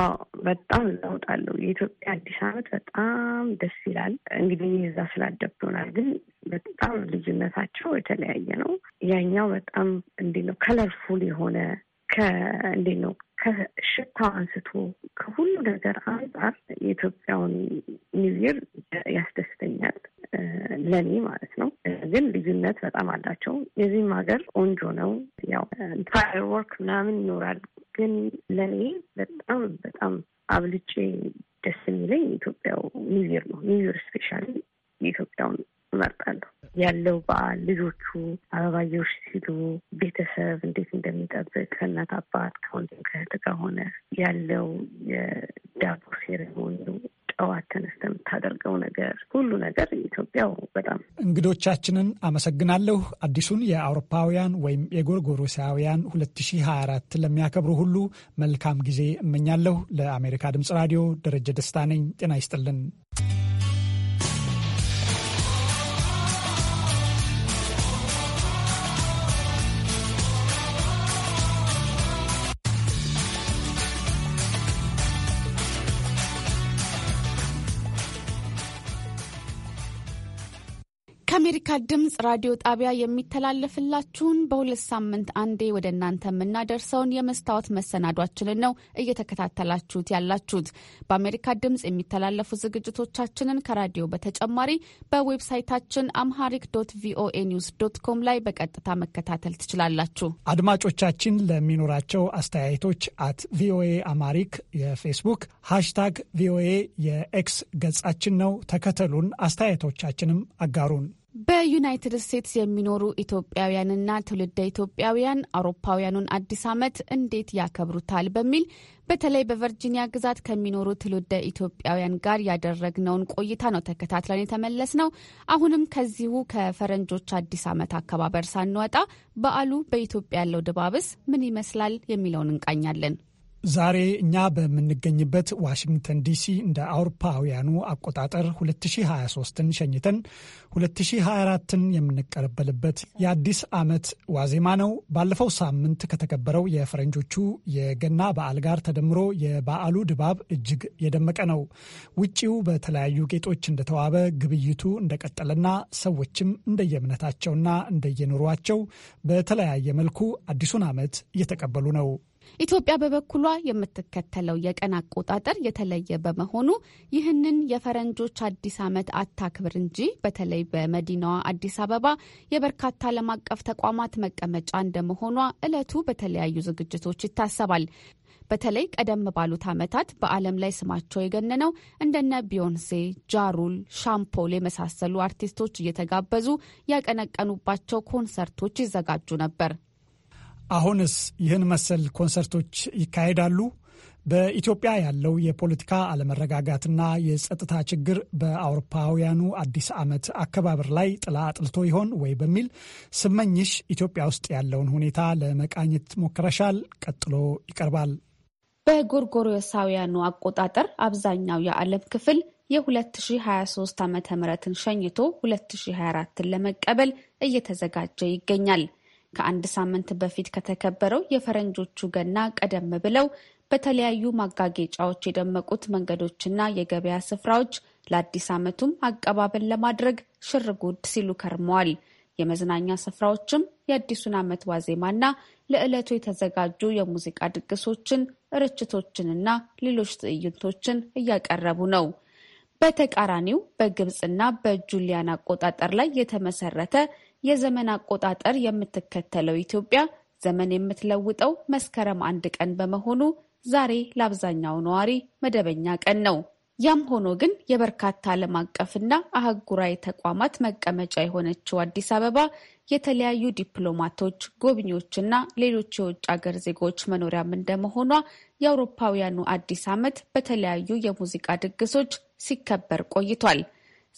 አዎ በጣም ለውጥ የኢትዮጵያ አዲስ ዓመት በጣም ደስ ይላል። እንግዲህ እዛ ስላደብቶናል፣ ግን በጣም ልዩነታቸው የተለያየ ነው። ያኛው በጣም እንዲህ ነው፣ ከለርፉል የሆነ ከእንዴት ነው ከሽታው አንስቶ ከሁሉ ነገር አንጻር የኢትዮጵያውን ኒውዬር ያስደስተኛል፣ ለኔ ማለት ነው። ግን ልዩነት በጣም አላቸው። የዚህም ሀገር ቆንጆ ነው። ያው ፋየር ምናምን ይኖራል። ግን ለኔ በጣም በጣም አብልጬ ደስ የሚለኝ የኢትዮጵያው ኒውዬር ነው። ኒውዬር ስፔሻሊ የኢትዮጵያውን እመርጣለሁ። ያለው በዓል ልጆቹ አበባየሽ ሲሉ ቤተሰብ እንዴት እንደሚጠብቅ ከእናት አባት ከወንድም ከእህት ከሆነ ያለው የዳቦ ሴሬሞኒው ጠዋት ተነስተ የምታደርገው ነገር ሁሉ ነገር ኢትዮጵያው በጣም እንግዶቻችንን አመሰግናለሁ። አዲሱን የአውሮፓውያን ወይም የጎርጎሮሳውያን 2024 ለሚያከብሩ ሁሉ መልካም ጊዜ እመኛለሁ። ለአሜሪካ ድምጽ ራዲዮ ደረጀ ደስታ ነኝ። ጤና ይስጥልን። ከአሜሪካ ድምፅ ራዲዮ ጣቢያ የሚተላለፍላችሁን በሁለት ሳምንት አንዴ ወደ እናንተ የምናደርሰውን የመስታወት መሰናዷችንን ነው እየተከታተላችሁት ያላችሁት። በአሜሪካ ድምፅ የሚተላለፉ ዝግጅቶቻችንን ከራዲዮ በተጨማሪ በዌብሳይታችን አምሃሪክ ዶት ቪኦኤ ኒውስ ዶት ኮም ላይ በቀጥታ መከታተል ትችላላችሁ። አድማጮቻችን ለሚኖራቸው አስተያየቶች አት ቪኦኤ አማሪክ የፌስቡክ ሃሽታግ ቪኦኤ የኤክስ ገጻችን ነው። ተከተሉን፣ አስተያየቶቻችንም አጋሩን። በዩናይትድ ስቴትስ የሚኖሩ ኢትዮጵያውያንና ትውልደ ኢትዮጵያውያን አውሮፓውያኑን አዲስ ዓመት እንዴት ያከብሩታል በሚል በተለይ በቨርጂኒያ ግዛት ከሚኖሩ ትውልደ ኢትዮጵያውያን ጋር ያደረግነውን ቆይታ ነው ተከታትለን የተመለስ ነው። አሁንም ከዚሁ ከፈረንጆች አዲስ ዓመት አከባበር ሳንወጣ በዓሉ በኢትዮጵያ ያለው ድባብስ ምን ይመስላል የሚለውን እንቃኛለን። ዛሬ እኛ በምንገኝበት ዋሽንግተን ዲሲ እንደ አውሮፓውያኑ አቆጣጠር 2023ን ሸኝተን 2024ን የምንቀበልበት የአዲስ ዓመት ዋዜማ ነው። ባለፈው ሳምንት ከተከበረው የፈረንጆቹ የገና በዓል ጋር ተደምሮ የበዓሉ ድባብ እጅግ የደመቀ ነው። ውጪው በተለያዩ ጌጦች እንደተዋበ፣ ግብይቱ እንደቀጠለና ሰዎችም እንደየእምነታቸውና እንደየኑሯቸው በተለያየ መልኩ አዲሱን ዓመት እየተቀበሉ ነው። ኢትዮጵያ በበኩሏ የምትከተለው የቀን አቆጣጠር የተለየ በመሆኑ ይህንን የፈረንጆች አዲስ ዓመት አታክብር እንጂ በተለይ በመዲናዋ አዲስ አበባ የበርካታ ዓለም አቀፍ ተቋማት መቀመጫ እንደመሆኗ ዕለቱ በተለያዩ ዝግጅቶች ይታሰባል። በተለይ ቀደም ባሉት ዓመታት በዓለም ላይ ስማቸው የገነነው እንደነ ቢዮንሴ፣ ጃሩል፣ ሻምፖል የመሳሰሉ አርቲስቶች እየተጋበዙ ያቀነቀኑባቸው ኮንሰርቶች ይዘጋጁ ነበር። አሁንስ ይህን መሰል ኮንሰርቶች ይካሄዳሉ? በኢትዮጵያ ያለው የፖለቲካ አለመረጋጋትና የጸጥታ ችግር በአውሮፓውያኑ አዲስ ዓመት አከባበር ላይ ጥላ አጥልቶ ይሆን ወይ በሚል ስመኝሽ ኢትዮጵያ ውስጥ ያለውን ሁኔታ ለመቃኘት ሞክረሻል። ቀጥሎ ይቀርባል። በጎርጎሮሳውያኑ አቆጣጠር አብዛኛው የዓለም ክፍል የ2023 ምትን ሸኝቶ 2024ን ለመቀበል እየተዘጋጀ ይገኛል። ከአንድ ሳምንት በፊት ከተከበረው የፈረንጆቹ ገና ቀደም ብለው በተለያዩ ማጋጌጫዎች የደመቁት መንገዶችና የገበያ ስፍራዎች ለአዲስ ዓመቱም አቀባበል ለማድረግ ሽርጉድ ሲሉ ከርመዋል። የመዝናኛ ስፍራዎችም የአዲሱን ዓመት ዋዜማና ለዕለቱ የተዘጋጁ የሙዚቃ ድግሶችን፣ ርችቶችንና ሌሎች ትዕይንቶችን እያቀረቡ ነው። በተቃራኒው በግብፅና በጁሊያን አቆጣጠር ላይ የተመሰረተ የዘመን አቆጣጠር የምትከተለው ኢትዮጵያ ዘመን የምትለውጠው መስከረም አንድ ቀን በመሆኑ ዛሬ ለአብዛኛው ነዋሪ መደበኛ ቀን ነው። ያም ሆኖ ግን የበርካታ ዓለም አቀፍና አህጉራዊ ተቋማት መቀመጫ የሆነችው አዲስ አበባ የተለያዩ ዲፕሎማቶች፣ ጎብኚዎችና ሌሎች የውጭ አገር ዜጎች መኖሪያም እንደመሆኗ የአውሮፓውያኑ አዲስ ዓመት በተለያዩ የሙዚቃ ድግሶች ሲከበር ቆይቷል።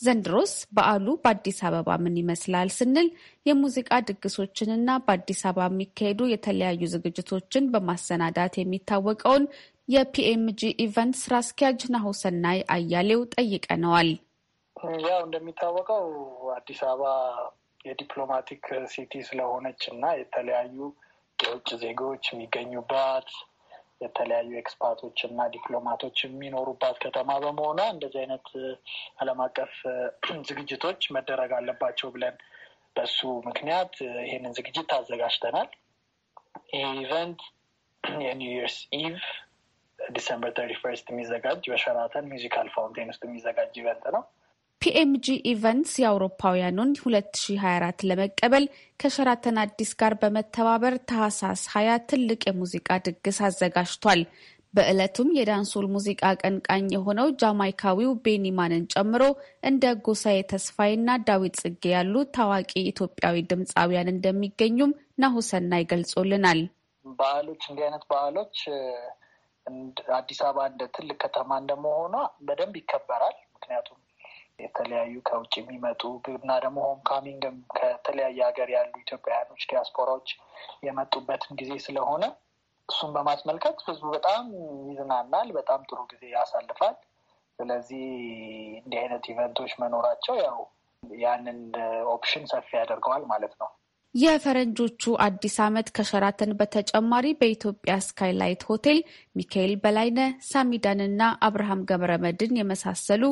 ዘንድሮስ በዓሉ በአዲስ አበባ ምን ይመስላል ስንል የሙዚቃ ድግሶችንና በአዲስ አበባ የሚካሄዱ የተለያዩ ዝግጅቶችን በማሰናዳት የሚታወቀውን የፒኤምጂ ኢቨንት ስራ አስኪያጅ ናሁሰናይ አያሌው ጠይቀነዋል። ያው እንደሚታወቀው አዲስ አበባ የዲፕሎማቲክ ሲቲ ስለሆነች እና የተለያዩ የውጭ ዜጎች የሚገኙባት የተለያዩ ኤክስፓቶች እና ዲፕሎማቶች የሚኖሩባት ከተማ በመሆኗ እንደዚህ አይነት ዓለም አቀፍ ዝግጅቶች መደረግ አለባቸው ብለን በሱ ምክንያት ይህንን ዝግጅት ታዘጋጅተናል። ይህ ኢቨንት የኒው ይርስ ኢቭ ዲሰምበር ተርቲ ፈርስት የሚዘጋጅ በሸራተን ሚዚካል ፋውንቴን ውስጥ የሚዘጋጅ ኢቨንት ነው። ፒኤምጂ ኢቨንትስ የአውሮፓውያኑን 2024 ለመቀበል ከሸራተን አዲስ ጋር በመተባበር ታህሳስ ሀያ ትልቅ የሙዚቃ ድግስ አዘጋጅቷል። በዕለቱም የዳንሶል ሙዚቃ አቀንቃኝ የሆነው ጃማይካዊው ቤኒማንን ጨምሮ እንደ ጎሳዬ ተስፋዬና ዳዊት ጽጌ ያሉ ታዋቂ ኢትዮጵያዊ ድምፃውያን እንደሚገኙም ናሁሰና ይገልጾልናል። በዓሎች እንዲህ አይነት በዓሎች አዲስ አበባ እንደ ትልቅ ከተማ እንደመሆኗ በደንብ ይከበራል። ምክንያቱም የተለያዩ ከውጭ የሚመጡ እና ደግሞ ሆምካሚንግም ከተለያየ ሀገር ያሉ ኢትዮጵያውያኖች ዲያስፖራዎች የመጡበትን ጊዜ ስለሆነ እሱን በማስመልከት ህዝቡ በጣም ይዝናናል፣ በጣም ጥሩ ጊዜ ያሳልፋል። ስለዚህ እንዲህ አይነት ኢቨንቶች መኖራቸው ያው ያንን ኦፕሽን ሰፊ ያደርገዋል ማለት ነው። የፈረንጆቹ አዲስ ዓመት ከሸራተን በተጨማሪ በኢትዮጵያ ስካይላይት ሆቴል ሚካኤል በላይነ፣ ሳሚዳንና አብርሃም ገብረመድን የመሳሰሉ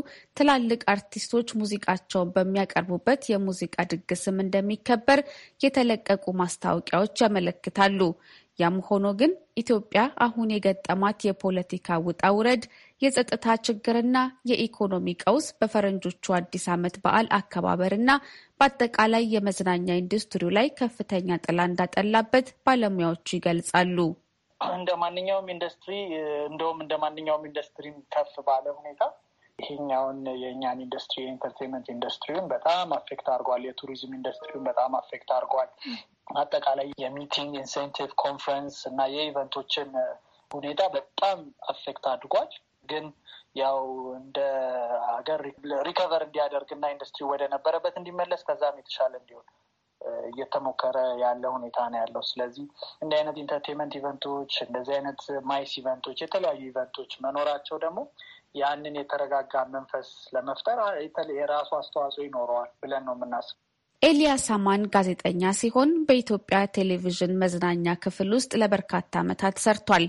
ትላልቅ አርቲስቶች ሙዚቃቸውን በሚያቀርቡበት የሙዚቃ ድግስም እንደሚከበር የተለቀቁ ማስታወቂያዎች ያመለክታሉ። ያም ሆኖ ግን ኢትዮጵያ አሁን የገጠማት የፖለቲካ ውጣ ውረድ፣ የጸጥታ ችግርና የኢኮኖሚ ቀውስ በፈረንጆቹ አዲስ ዓመት በዓል አከባበርና በአጠቃላይ የመዝናኛ ኢንዱስትሪው ላይ ከፍተኛ ጥላ እንዳጠላበት ባለሙያዎቹ ይገልጻሉ። እንደ ማንኛውም ኢንዱስትሪ እንደውም እንደ ማንኛውም ኢንዱስትሪም ከፍ ባለ ሁኔታ ይሄኛውን የእኛን ኢንዱስትሪ የኢንተርቴንመንት ኢንዱስትሪውን በጣም አፌክት አድርጓል። የቱሪዝም ኢንዱስትሪውን በጣም አፌክት አድርጓል። አጠቃላይ የሚቲንግ ኢንሴንቲቭ፣ ኮንፈረንስ እና የኢቨንቶችን ሁኔታ በጣም አፌክት አድርጓል ግን ያው እንደ ሀገር ሪከቨር እንዲያደርግ እና ኢንዱስትሪ ወደ ነበረበት እንዲመለስ ከዛም የተሻለ እንዲሆን እየተሞከረ ያለ ሁኔታ ነው ያለው። ስለዚህ እንዲህ አይነት ኢንተርቴንመንት ኢቨንቶች፣ እንደዚህ አይነት ማይስ ኢቨንቶች፣ የተለያዩ ኢቨንቶች መኖራቸው ደግሞ ያንን የተረጋጋ መንፈስ ለመፍጠር የራሱ አስተዋጽኦ ይኖረዋል ብለን ነው የምናስበው። ኤልያስ አማን ጋዜጠኛ ሲሆን በኢትዮጵያ ቴሌቪዥን መዝናኛ ክፍል ውስጥ ለበርካታ ዓመታት ሰርቷል።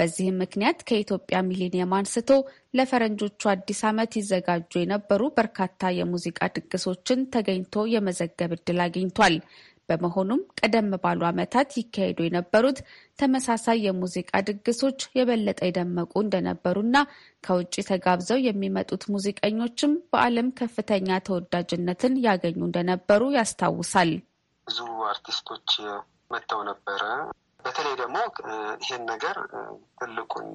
በዚህም ምክንያት ከኢትዮጵያ ሚሊኒየም አንስቶ ለፈረንጆቹ አዲስ ዓመት ይዘጋጁ የነበሩ በርካታ የሙዚቃ ድግሶችን ተገኝቶ የመዘገብ ዕድል አግኝቷል። በመሆኑም ቀደም ባሉ ዓመታት ይካሄዱ የነበሩት ተመሳሳይ የሙዚቃ ድግሶች የበለጠ የደመቁ እንደነበሩና ከውጭ ተጋብዘው የሚመጡት ሙዚቀኞችም በዓለም ከፍተኛ ተወዳጅነትን ያገኙ እንደነበሩ ያስታውሳል። ብዙ አርቲስቶች መጥተው ነበረ። በተለይ ደግሞ ይሄን ነገር ትልቁን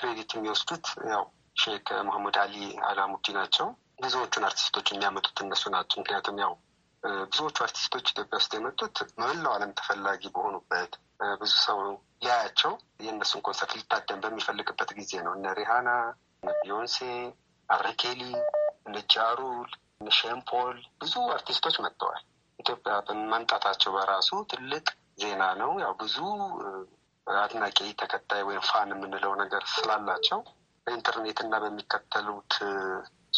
ክሬዲት የሚወስዱት ያው ሼክ መሐመድ አሊ አላሙዲ ናቸው። ብዙዎቹን አርቲስቶች የሚያመጡት እነሱ ናቸው። ምክንያቱም ያው ብዙዎቹ አርቲስቶች ኢትዮጵያ ውስጥ የመጡት መላው ዓለም ተፈላጊ በሆኑበት ብዙ ሰው ሊያያቸው የእነሱን ኮንሰርት ሊታደም በሚፈልግበት ጊዜ ነው። እነ ሪሃና፣ እነ ቢዮንሴ፣ አብረኬሊ፣ እነ ጃሩል፣ እነ ሸምፖል ብዙ አርቲስቶች መጥተዋል። ኢትዮጵያ በመምጣታቸው በራሱ ትልቅ ዜና ነው። ያው ብዙ አድናቂ ተከታይ ወይም ፋን የምንለው ነገር ስላላቸው በኢንተርኔት እና በሚከተሉት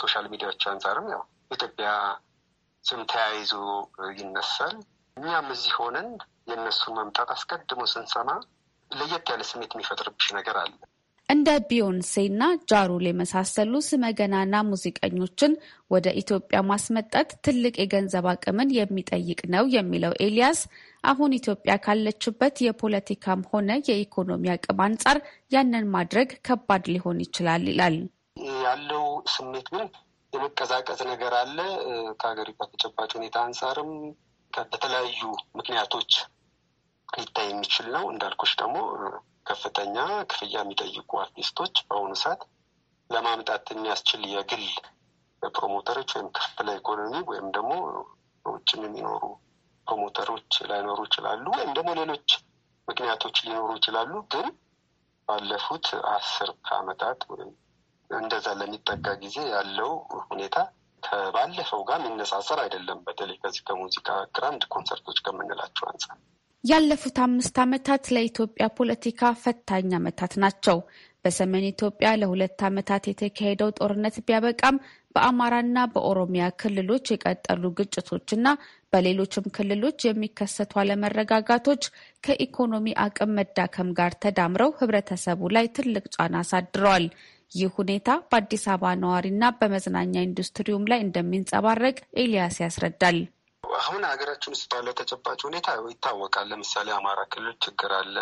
ሶሻል ሚዲያዎች አንጻርም ያው ኢትዮጵያ ስም ተያይዞ ይነሳል። እኛም እዚህ ሆነን የእነሱን መምጣት አስቀድሞ ስንሰማ ለየት ያለ ስሜት የሚፈጥርብሽ ነገር አለ። እንደ ቢዮንሴና ጃሩል የመሳሰሉ ስመገናና ሙዚቀኞችን ወደ ኢትዮጵያ ማስመጣት ትልቅ የገንዘብ አቅምን የሚጠይቅ ነው የሚለው ኤልያስ አሁን ኢትዮጵያ ካለችበት የፖለቲካም ሆነ የኢኮኖሚ አቅም አንጻር ያንን ማድረግ ከባድ ሊሆን ይችላል ይላል። ያለው ስሜት ግን የመቀዛቀዝ ነገር አለ። ከሀገሪቷ ተጨባጭ ሁኔታ አንጻርም በተለያዩ ምክንያቶች ሊታይ የሚችል ነው። እንዳልኩሽ ደግሞ ከፍተኛ ክፍያ የሚጠይቁ አርቲስቶች በአሁኑ ሰዓት ለማምጣት የሚያስችል የግል ፕሮሞተሮች ወይም ክፍለ ኢኮኖሚ ወይም ደግሞ ውጭም የሚኖሩ ፕሮሞተሮች ላይኖሩ ይችላሉ፣ ወይም ደግሞ ሌሎች ምክንያቶች ሊኖሩ ይችላሉ። ግን ባለፉት አስር ዓመታት ወይም እንደዛ ለሚጠጋ ጊዜ ያለው ሁኔታ ከባለፈው ጋር መነጻጸር አይደለም። በተለይ ከዚህ ከሙዚቃ ግራንድ ኮንሰርቶች ከምንላቸው አንጻር ያለፉት አምስት ዓመታት ለኢትዮጵያ ፖለቲካ ፈታኝ ዓመታት ናቸው። በሰሜን ኢትዮጵያ ለሁለት ዓመታት የተካሄደው ጦርነት ቢያበቃም በአማራና በኦሮሚያ ክልሎች የቀጠሉ ግጭቶችና በሌሎችም ክልሎች የሚከሰቱ አለመረጋጋቶች ከኢኮኖሚ አቅም መዳከም ጋር ተዳምረው ህብረተሰቡ ላይ ትልቅ ጫና አሳድረዋል። ይህ ሁኔታ በአዲስ አበባ ነዋሪና በመዝናኛ ኢንዱስትሪውም ላይ እንደሚንጸባረቅ ኤልያስ ያስረዳል። አሁን ሀገራችን ውስጥ ባለ ተጨባጭ ሁኔታ ይታወቃል። ለምሳሌ አማራ ክልል ችግር አለ።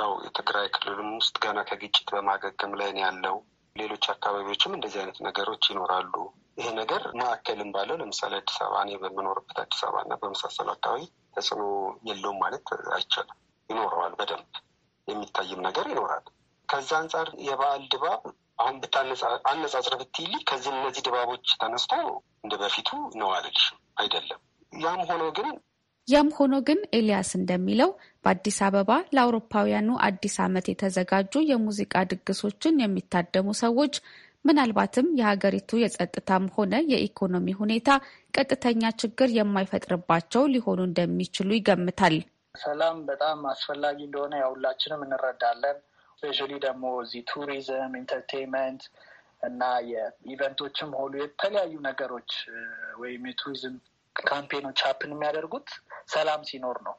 ያው የትግራይ ክልልም ውስጥ ገና ከግጭት በማገገም ላይ ነው ያለው። ሌሎች አካባቢዎችም እንደዚህ አይነት ነገሮች ይኖራሉ። ይሄ ነገር ማዕከልም ባለው ለምሳሌ አዲስ አበባ እኔ በምኖርበት አዲስ አበባ እና በመሳሰሉ አካባቢ ተጽዕኖ የለውም ማለት አይቻልም። ይኖረዋል፣ በደንብ የሚታይም ነገር ይኖራል። ከዛ አንጻር የበዓል ድባብ አሁን ብታነጻ አነጻጽረ ከዚህ እነዚህ ድባቦች ተነስቶ እንደ በፊቱ ነው አልልሽም፣ አይደለም። ያም ሆኖ ግን ያም ሆኖ ግን ኤልያስ እንደሚለው በአዲስ አበባ ለአውሮፓውያኑ አዲስ ዓመት የተዘጋጁ የሙዚቃ ድግሶችን የሚታደሙ ሰዎች ምናልባትም የሀገሪቱ የጸጥታም ሆነ የኢኮኖሚ ሁኔታ ቀጥተኛ ችግር የማይፈጥርባቸው ሊሆኑ እንደሚችሉ ይገምታል። ሰላም በጣም አስፈላጊ እንደሆነ ያው ሁላችንም እንረዳለን። ስፔሻሊ ደግሞ እዚህ ቱሪዝም፣ ኢንተርቴንመንት እና የኢቨንቶችም ሆኑ የተለያዩ ነገሮች ወይም የቱሪዝም ካምፔኖች ሀፕን የሚያደርጉት ሰላም ሲኖር ነው።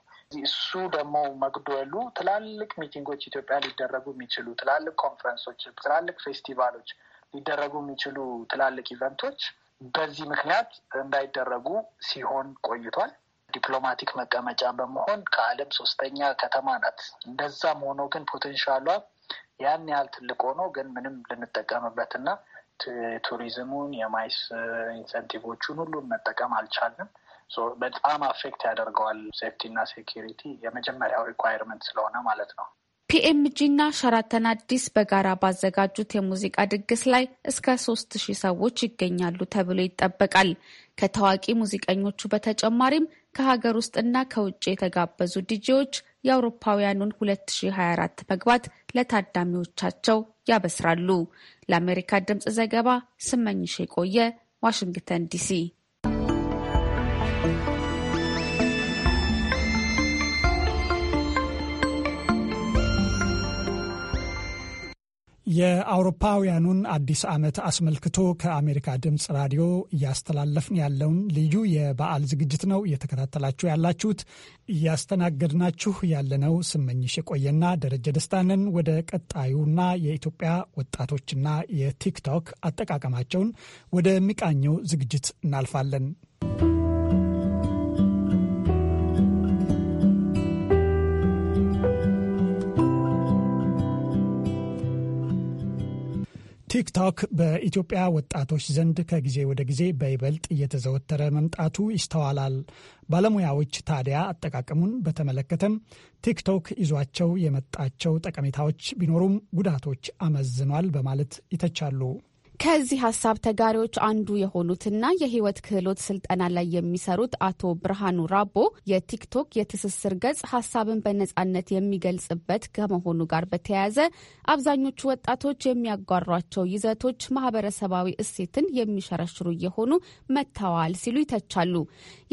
እሱ ደግሞ መግደሉ ትላልቅ ሚቲንጎች ኢትዮጵያ ሊደረጉ የሚችሉ ትላልቅ ኮንፈረንሶች፣ ትላልቅ ፌስቲቫሎች ሊደረጉ የሚችሉ ትላልቅ ኢቨንቶች በዚህ ምክንያት እንዳይደረጉ ሲሆን ቆይቷል። ዲፕሎማቲክ መቀመጫ በመሆን ከዓለም ሶስተኛ ከተማ ናት። እንደዛም ሆኖ ግን ፖቴንሻሏ ያን ያህል ትልቅ ሆኖ ግን ምንም ልንጠቀምበት እና ቱሪዝሙን የማይስ ኢንሰንቲቮቹን ሁሉን መጠቀም አልቻለም። በጣም አፌክት ያደርገዋል። ሴፍቲ እና ሴኪሪቲ የመጀመሪያው ሪኳየርመንት ስለሆነ ማለት ነው። ፒኤምጂ እና ሸራተን አዲስ በጋራ ባዘጋጁት የሙዚቃ ድግስ ላይ እስከ ሶስት ሺህ ሰዎች ይገኛሉ ተብሎ ይጠበቃል። ከታዋቂ ሙዚቀኞቹ በተጨማሪም ከሀገር ውስጥና ከውጭ የተጋበዙ ዲጄዎች የአውሮፓውያኑን 2024 መግባት ለታዳሚዎቻቸው ያበስራሉ። ለአሜሪካ ድምፅ ዘገባ ስመኝሽ የቆየ ዋሽንግተን ዲሲ የአውሮፓውያኑን አዲስ ዓመት አስመልክቶ ከአሜሪካ ድምፅ ራዲዮ እያስተላለፍን ያለውን ልዩ የበዓል ዝግጅት ነው እየተከታተላችሁ ያላችሁት። እያስተናገድናችሁ ያለነው ስመኝሽ የቆየና ደረጀ ደስታንን። ወደ ቀጣዩና የኢትዮጵያ ወጣቶችና የቲክቶክ አጠቃቀማቸውን ወደሚቃኘው ዝግጅት እናልፋለን። ቲክቶክ በኢትዮጵያ ወጣቶች ዘንድ ከጊዜ ወደ ጊዜ በይበልጥ እየተዘወተረ መምጣቱ ይስተዋላል። ባለሙያዎች ታዲያ አጠቃቀሙን በተመለከተም ቲክቶክ ይዟቸው የመጣቸው ጠቀሜታዎች ቢኖሩም ጉዳቶች አመዝኗል በማለት ይተቻሉ። ከዚህ ሀሳብ ተጋሪዎች አንዱ የሆኑትና የህይወት ክህሎት ስልጠና ላይ የሚሰሩት አቶ ብርሃኑ ራቦ የቲክቶክ የትስስር ገጽ ሀሳብን በነጻነት የሚገልጽበት ከመሆኑ ጋር በተያያዘ አብዛኞቹ ወጣቶች የሚያጓሯቸው ይዘቶች ማህበረሰባዊ እሴትን የሚሸረሽሩ እየሆኑ መጥተዋል ሲሉ ይተቻሉ።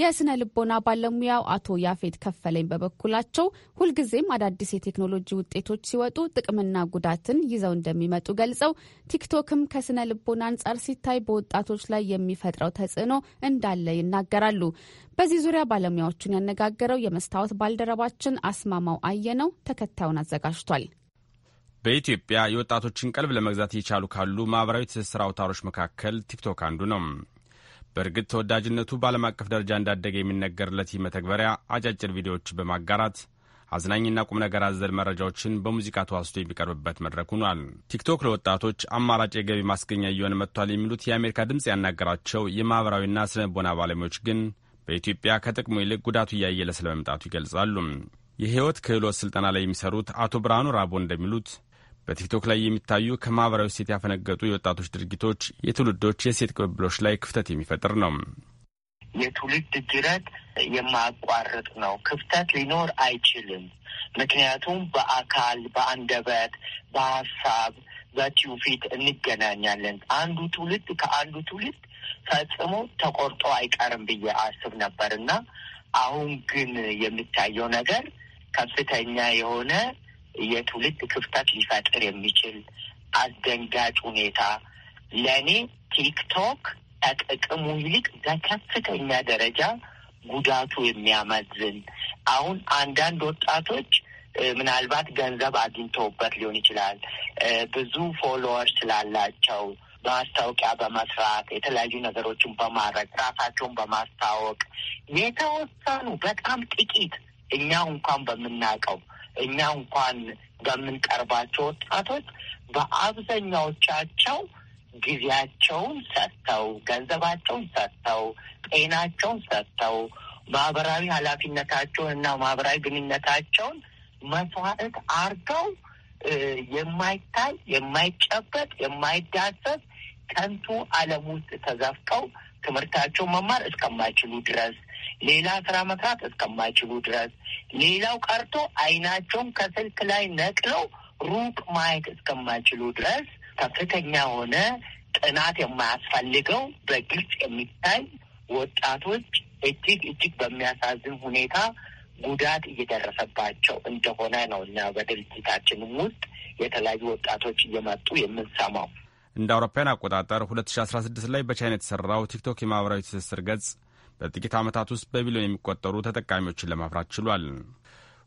የስነ ልቦና ባለሙያው አቶ ያፌት ከፈለኝ በበኩላቸው ሁልጊዜም አዳዲስ የቴክኖሎጂ ውጤቶች ሲወጡ ጥቅምና ጉዳትን ይዘው እንደሚመጡ ገልጸው ቲክቶክም ከስነ ልቦና አንጻር ሲታይ በወጣቶች ላይ የሚፈጥረው ተጽዕኖ እንዳለ ይናገራሉ። በዚህ ዙሪያ ባለሙያዎቹን ያነጋገረው የመስታወት ባልደረባችን አስማማው አየነው ተከታዩን አዘጋጅቷል። በኢትዮጵያ የወጣቶችን ቀልብ ለመግዛት እየቻሉ ካሉ ማኅበራዊ ትስስር አውታሮች መካከል ቲክቶክ አንዱ ነው። በእርግጥ ተወዳጅነቱ በዓለም አቀፍ ደረጃ እንዳደገ የሚነገርለት ይህ መተግበሪያ አጫጭር ቪዲዮዎች በማጋራት አዝናኝና ቁም ነገር አዘል መረጃዎችን በሙዚቃ ተዋስቶ የሚቀርብበት መድረክ ሆኗል። ቲክቶክ ለወጣቶች አማራጭ የገቢ ማስገኛ እየሆነ መጥቷል የሚሉት የአሜሪካ ድምፅ ያናገራቸው የማኅበራዊና ስነልቦና ባለሙያዎች ግን በኢትዮጵያ ከጥቅሙ ይልቅ ጉዳቱ እያየለ ስለመምጣቱ ይገልጻሉ። የህይወት ክህሎት ሥልጠና ላይ የሚሰሩት አቶ ብርሃኑ ራቦ እንደሚሉት በቲክቶክ ላይ የሚታዩ ከማኅበራዊ ሴት ያፈነገጡ የወጣቶች ድርጊቶች የትውልዶች የሴት ቅብብሎች ላይ ክፍተት የሚፈጥር ነው። የትውልድ ድረት የማያቋርጥ ነው። ክፍተት ሊኖር አይችልም። ምክንያቱም በአካል በአንደበት፣ በሀሳብ፣ በትውፊት እንገናኛለን። አንዱ ትውልድ ከአንዱ ትውልድ ፈጽሞ ተቆርጦ አይቀርም ብዬ አስብ ነበር እና አሁን ግን የሚታየው ነገር ከፍተኛ የሆነ የትውልድ ክፍተት ሊፈጥር የሚችል አስደንጋጭ ሁኔታ ለእኔ ቲክቶክ ከጥቅሙ ይልቅ በከፍተኛ ደረጃ ጉዳቱ የሚያመዝን አሁን አንዳንድ ወጣቶች ምናልባት ገንዘብ አግኝተውበት ሊሆን ይችላል። ብዙ ፎሎወር ስላላቸው ማስታወቂያ በመስራት የተለያዩ ነገሮችን በማድረግ ራሳቸውን በማስታወቅ የተወሰኑ በጣም ጥቂት እኛ እንኳን በምናውቀው እኛ እንኳን በምንቀርባቸው ወጣቶች በአብዛኛዎቻቸው ጊዜያቸውን ሰጥተው ገንዘባቸውን ሰጥተው ጤናቸውን ሰጥተው ማህበራዊ ኃላፊነታቸውን እና ማህበራዊ ግንኙነታቸውን መስዋዕት አርገው የማይታይ የማይጨበጥ የማይዳሰስ ከንቱ ዓለም ውስጥ ተዘፍቀው ትምህርታቸውን መማር እስከማይችሉ ድረስ ሌላ ስራ መስራት እስከማይችሉ ድረስ ሌላው ቀርቶ አይናቸውን ከስልክ ላይ ነቅለው ሩቅ ማየት እስከማይችሉ ድረስ ከፍተኛ የሆነ ጥናት የማያስፈልገው በግልጽ የሚታይ ወጣቶች እጅግ እጅግ በሚያሳዝን ሁኔታ ጉዳት እየደረሰባቸው እንደሆነ ነው እና በድርጅታችንም ውስጥ የተለያዩ ወጣቶች እየመጡ የምንሰማው እንደ አውሮፓውያን አቆጣጠር 2016 ላይ በቻይና የተሰራው ቲክቶክ የማህበራዊ ትስስር ገጽ በጥቂት ዓመታት ውስጥ በቢሊዮን የሚቆጠሩ ተጠቃሚዎችን ለማፍራት ችሏል።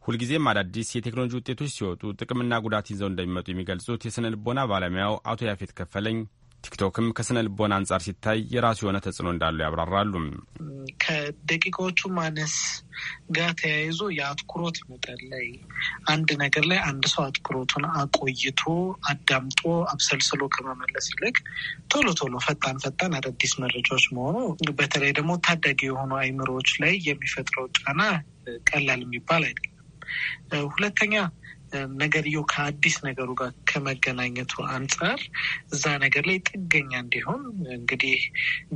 ሁልጊዜም አዳዲስ የቴክኖሎጂ ውጤቶች ሲወጡ ጥቅምና ጉዳት ይዘው እንደሚመጡ የሚገልጹት የሥነ ልቦና ባለሙያው አቶ ያፌት ከፈለኝ ቲክቶክም ከሥነ ልቦና አንጻር ሲታይ የራሱ የሆነ ተጽዕኖ እንዳለው ያብራራሉ። ከደቂቃዎቹ ማነስ ጋር ተያይዞ የአትኩሮት መጠን ላይ አንድ ነገር ላይ አንድ ሰው አትኩሮቱን አቆይቶ አዳምጦ አብሰልስሎ ከመመለስ ይልቅ ቶሎ ቶሎ ፈጣን ፈጣን አዳዲስ መረጃዎች መሆኑ በተለይ ደግሞ ታዳጊ የሆኑ አይምሮዎች ላይ የሚፈጥረው ጫና ቀላል የሚባል አይደለም። ሁለተኛ ነገርየው ከአዲስ ነገሩ ጋር ከመገናኘቱ አንጻር እዛ ነገር ላይ ጥገኛ እንዲሆን እንግዲህ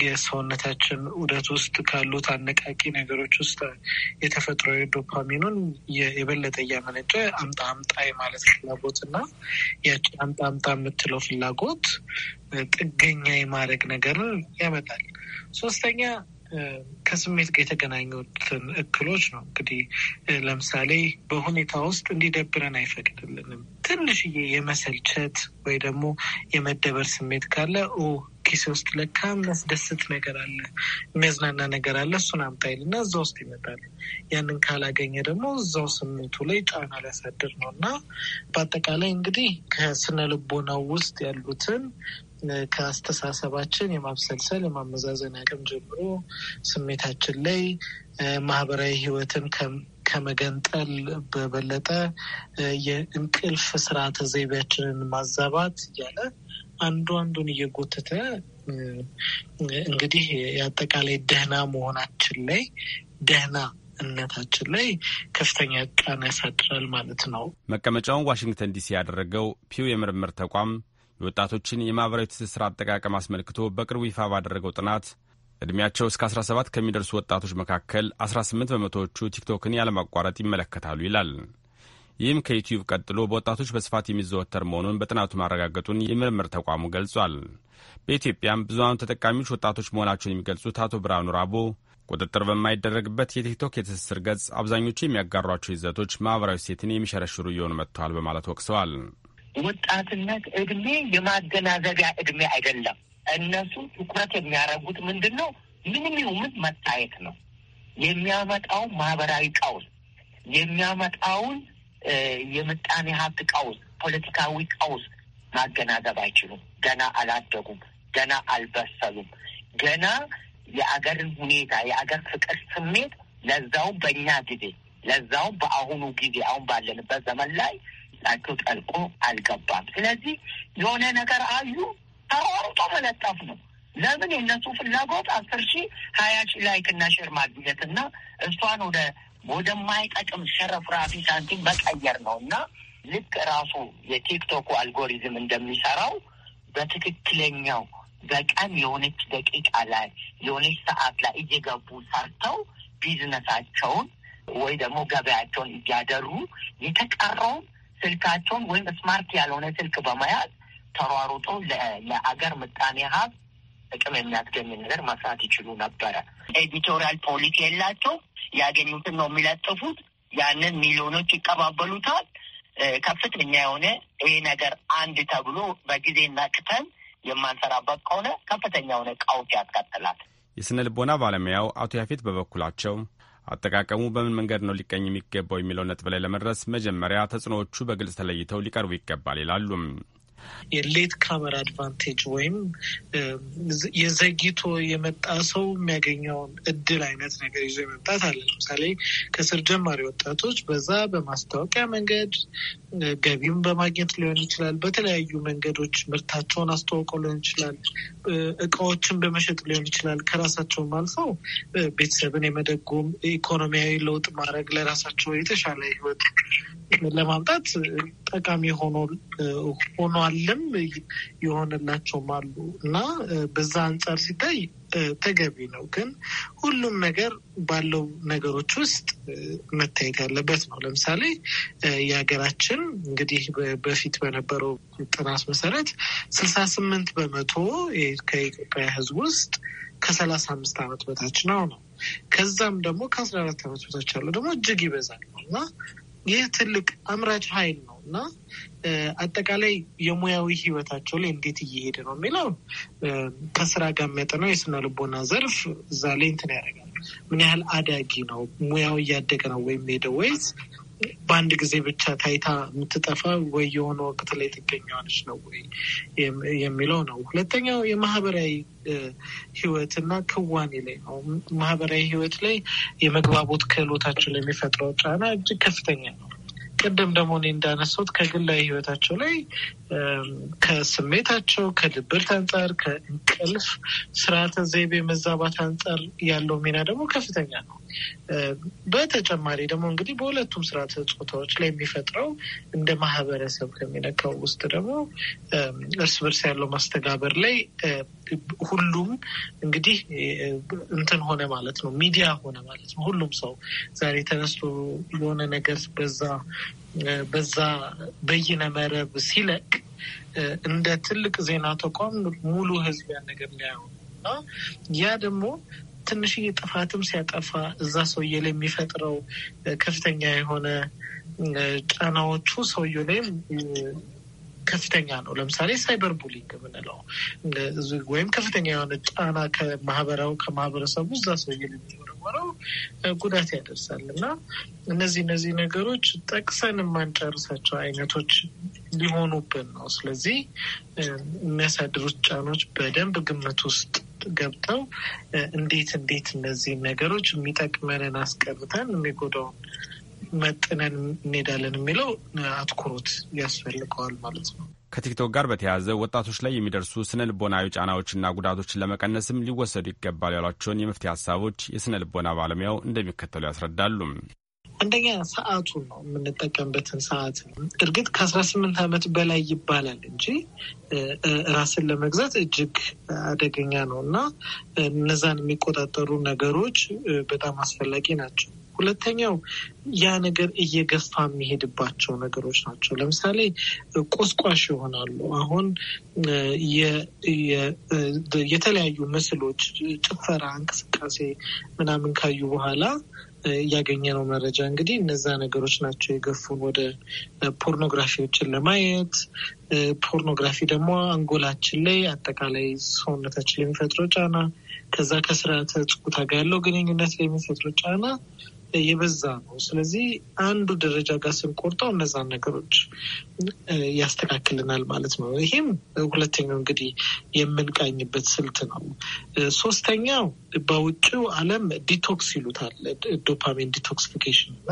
የሰውነታችን ውደት ውስጥ ካሉት አነቃቂ ነገሮች ውስጥ የተፈጥሮ ዶፓሚኑን የበለጠ እያመነጨ አምጣ አምጣ የማለት ፍላጎት እና ያችን አምጣ አምጣ የምትለው ፍላጎት ጥገኛ የማድረግ ነገር ያመጣል። ሶስተኛ ከስሜት ጋር የተገናኙትን እክሎች ነው። እንግዲህ ለምሳሌ በሁኔታ ውስጥ እንዲደብረን አይፈቅድልንም። ትንሽዬ የመሰልቸት ወይ ደግሞ የመደበር ስሜት ካለ ኪሴ ውስጥ ለካ የሚያስደስት ነገር አለ፣ የሚያዝናና ነገር አለ፣ እሱን አምጣ ይልና እዛ ውስጥ ይመጣል። ያንን ካላገኘ ደግሞ እዛው ስሜቱ ላይ ጫና ሊያሳድር ነው እና በአጠቃላይ እንግዲህ ከስነ ልቦናው ውስጥ ያሉትን ከአስተሳሰባችን የማብሰልሰል የማመዛዘን አቅም ጀምሮ ስሜታችን ላይ ማህበራዊ ህይወትን ከመገንጠል በበለጠ የእንቅልፍ ስርዓተ ዘይቤያችንን ማዛባት እያለ አንዱ አንዱን እየጎተተ እንግዲህ የአጠቃላይ ደህና መሆናችን ላይ ደህና እነታችን ላይ ከፍተኛ ጫና ያሳድራል ማለት ነው። መቀመጫውን ዋሽንግተን ዲሲ ያደረገው ፒው የምርምር ተቋም የወጣቶችን የማህበራዊ ትስስር አጠቃቀም አስመልክቶ በቅርቡ ይፋ ባደረገው ጥናት እድሜያቸው እስከ 17 ከሚደርሱ ወጣቶች መካከል 18 በመቶዎቹ ቲክቶክን ያለማቋረጥ ይመለከታሉ ይላል። ይህም ከዩቲዩብ ቀጥሎ በወጣቶች በስፋት የሚዘወተር መሆኑን በጥናቱ ማረጋገጡን የምርምር ተቋሙ ገልጿል። በኢትዮጵያም ብዙሃኑ ተጠቃሚዎች ወጣቶች መሆናቸውን የሚገልጹት አቶ ብርሃኑ ራቦ ቁጥጥር በማይደረግበት የቲክቶክ የትስስር ገጽ አብዛኞቹ የሚያጋሯቸው ይዘቶች ማኅበራዊ ሴትን የሚሸረሽሩ እየሆኑ መጥተዋል በማለት ወቅሰዋል። ወጣትነት እድሜ የማገናዘቢያ እድሜ አይደለም። እነሱ ትኩረት የሚያደርጉት ምንድን ነው? ምንም ይሁን መታየት ነው የሚያመጣው ማህበራዊ ቀውስ የሚያመጣውን የምጣኔ ሀብት ቀውስ፣ ፖለቲካዊ ቀውስ ማገናዘብ አይችሉም። ገና አላደጉም። ገና አልበሰሉም። ገና የአገር ሁኔታ የአገር ፍቅር ስሜት ለዛውም በእኛ ጊዜ ለዛውም በአሁኑ ጊዜ አሁን ባለንበት ዘመን ላይ ላቸው ጠልቆ አልገባም። ስለዚህ የሆነ ነገር አዩ ተሯሩጦ መለጠፍ ነው። ለምን የእነሱ ፍላጎት አስር ሺህ ሀያ ሺህ ላይክ እና ሼር ማግኘትና እሷን ወደ ወደማይጠቅም ሸረፍራፊ ሳንቲም መቀየር ነው እና ልክ ራሱ የቲክቶኩ አልጎሪዝም እንደሚሰራው በትክክለኛው በቀን የሆነች ደቂቃ ላይ የሆነች ሰዓት ላይ እየገቡ ሰርተው ቢዝነሳቸውን ወይ ደግሞ ገበያቸውን እያደሩ የተቀረውን ስልካቸውን ወይም ስማርት ያልሆነ ስልክ በመያዝ ተሯሩጦ ለአገር ምጣኔ ሀብት ጥቅም የሚያስገኝ ነገር መስራት ይችሉ ነበረ። ኤዲቶሪያል ፖሊሲ የላቸው። ያገኙትን ነው የሚለጥፉት። ያንን ሚሊዮኖች ይቀባበሉታል። ከፍተኛ የሆነ ይሄ ነገር አንድ ተብሎ በጊዜና ቅተን የማንሰራበት ከሆነ ከፍተኛ የሆነ ቀውስ ያስቀጥላል። የስነ ልቦና ባለሙያው አቶ ያፌት በበኩላቸው አጠቃቀሙ በምን መንገድ ነው ሊቀኝ የሚገባው የሚለው ነጥብ ላይ ለመድረስ መጀመሪያ ተጽዕኖዎቹ በግልጽ ተለይተው ሊቀርቡ ይገባል ይላሉም። የሌት ካመር አድቫንቴጅ ወይም የዘግይቶ የመጣ ሰው የሚያገኘውን እድል አይነት ነገር ይዞ የመምጣት አለ። ለምሳሌ ከስር ጀማሪ ወጣቶች በዛ በማስታወቂያ መንገድ ገቢም በማግኘት ሊሆን ይችላል። በተለያዩ መንገዶች ምርታቸውን አስተዋውቀው ሊሆን ይችላል። እቃዎችን በመሸጥ ሊሆን ይችላል። ከራሳቸውም አልፈው ቤተሰብን የመደጎም ኢኮኖሚያዊ ለውጥ ማድረግ ለራሳቸው የተሻለ ህይወት ለማምጣት ጠቃሚ ሆኗልም የሆነላቸውም አሉ እና በዛ አንጻር ሲታይ ተገቢ ነው። ግን ሁሉም ነገር ባለው ነገሮች ውስጥ መታየት ያለበት ነው። ለምሳሌ የሀገራችን እንግዲህ በፊት በነበረው ጥናት መሰረት ስልሳ ስምንት በመቶ ከኢትዮጵያ ሕዝብ ውስጥ ከሰላሳ አምስት ዓመት በታች ነው ነው ከዛም ደግሞ ከአስራ አራት ዓመት በታች ያለው ደግሞ እጅግ ይበዛል ነው እና ይህ ትልቅ አምራች ኃይል ነው እና አጠቃላይ የሙያዊ ህይወታቸው ላይ እንዴት እየሄደ ነው የሚለው ከስራ ጋር የሚያጠናው የስነ ልቦና ዘርፍ እዛ ላይ እንትን ያደርጋል። ምን ያህል አዳጊ ነው ሙያው እያደገ ነው ወይም ሄደው ወይስ በአንድ ጊዜ ብቻ ታይታ የምትጠፋ ወይ የሆነ ወቅት ላይ ትገኘዋለች ነው ወይ የሚለው ነው። ሁለተኛው የማህበራዊ ህይወትና ክዋኔ ላይ ነው። ማህበራዊ ህይወት ላይ የመግባቦት ክህሎታቸው ላይ የሚፈጥረው ጫና እጅግ ከፍተኛ ነው። ቅድም ደግሞ እኔ እንዳነሳሁት ከግላዊ ህይወታቸው ላይ ከስሜታቸው፣ ከድብርት አንጻር፣ ከእንቅልፍ ስርዓተ ዘይቤ መዛባት አንጻር ያለው ሚና ደግሞ ከፍተኛ ነው። በተጨማሪ ደግሞ እንግዲህ በሁለቱም ስርዓተ ጾታዎች ላይ የሚፈጥረው እንደ ማህበረሰብ ከሚነካው ውስጥ ደግሞ እርስ በርስ ያለው ማስተጋበር ላይ ሁሉም እንግዲህ እንትን ሆነ ማለት ነው፣ ሚዲያ ሆነ ማለት ነው። ሁሉም ሰው ዛሬ ተነስቶ የሆነ ነገር በዛ በዛ በይነ መረብ ሲለቅ እንደ ትልቅ ዜና ተቋም ሙሉ ህዝብ ያን ነገር ሊያየው እና ያ ደግሞ ትንሽዬ ጥፋትም ሲያጠፋ እዛ ሰውዬ ላይ የሚፈጥረው ከፍተኛ የሆነ ጫናዎቹ ሰውዬው ላይም ከፍተኛ ነው። ለምሳሌ ሳይበር ቡሊንግ የምንለው ወይም ከፍተኛ የሆነ ጫና ከማህበራዊ ከማህበረሰቡ እዛ ሰው የሚወረወረው ጉዳት ያደርሳል እና እነዚህ እነዚህ ነገሮች ጠቅሰን የማንጨርሳቸው አይነቶች ሊሆኑብን ነው። ስለዚህ የሚያሳድሩት ጫኖች በደንብ ግምት ውስጥ ውስጥ ገብተው እንዴት እንዴት እነዚህን ነገሮች የሚጠቅመንን አስቀርተን የሚጎዳውን መጥነን እንሄዳለን የሚለው አትኩሮት ያስፈልገዋል ማለት ነው። ከቲክቶክ ጋር በተያያዘ ወጣቶች ላይ የሚደርሱ ስነ ልቦናዊ ጫናዎችና ጉዳቶችን ለመቀነስም ሊወሰዱ ይገባል ያሏቸውን የመፍትሄ ሀሳቦች የስነ ልቦና ባለሙያው እንደሚከተሉ ያስረዳሉ። አንደኛ ሰዓቱ ነው የምንጠቀምበትን ሰዓት ነው። እርግጥ ከአስራ ስምንት ዓመት በላይ ይባላል እንጂ ራስን ለመግዛት እጅግ አደገኛ ነው እና እነዛን የሚቆጣጠሩ ነገሮች በጣም አስፈላጊ ናቸው። ሁለተኛው ያ ነገር እየገፋ የሚሄድባቸው ነገሮች ናቸው። ለምሳሌ ቆስቋሽ ይሆናሉ። አሁን የተለያዩ ምስሎች፣ ጭፈራ፣ እንቅስቃሴ ምናምን ካዩ በኋላ ያገኘነው መረጃ እንግዲህ እነዛ ነገሮች ናቸው የገፉን ወደ ፖርኖግራፊዎችን ለማየት። ፖርኖግራፊ ደግሞ አንጎላችን ላይ አጠቃላይ ሰውነታችን የሚፈጥረው ጫና፣ ከዛ ከስርዓተ ጾታ ጋር ያለው ግንኙነት የሚፈጥረው ጫና የበዛ ነው። ስለዚህ አንዱ ደረጃ ጋር ስንቆርጠው እነዛን ነገሮች ያስተካክልናል ማለት ነው። ይህም ሁለተኛው እንግዲህ የምንቃኝበት ስልት ነው። ሶስተኛው በውጭው ዓለም ዲቶክስ ይሉታል፣ ዶፓሚን ዲቶክሲፊኬሽን እና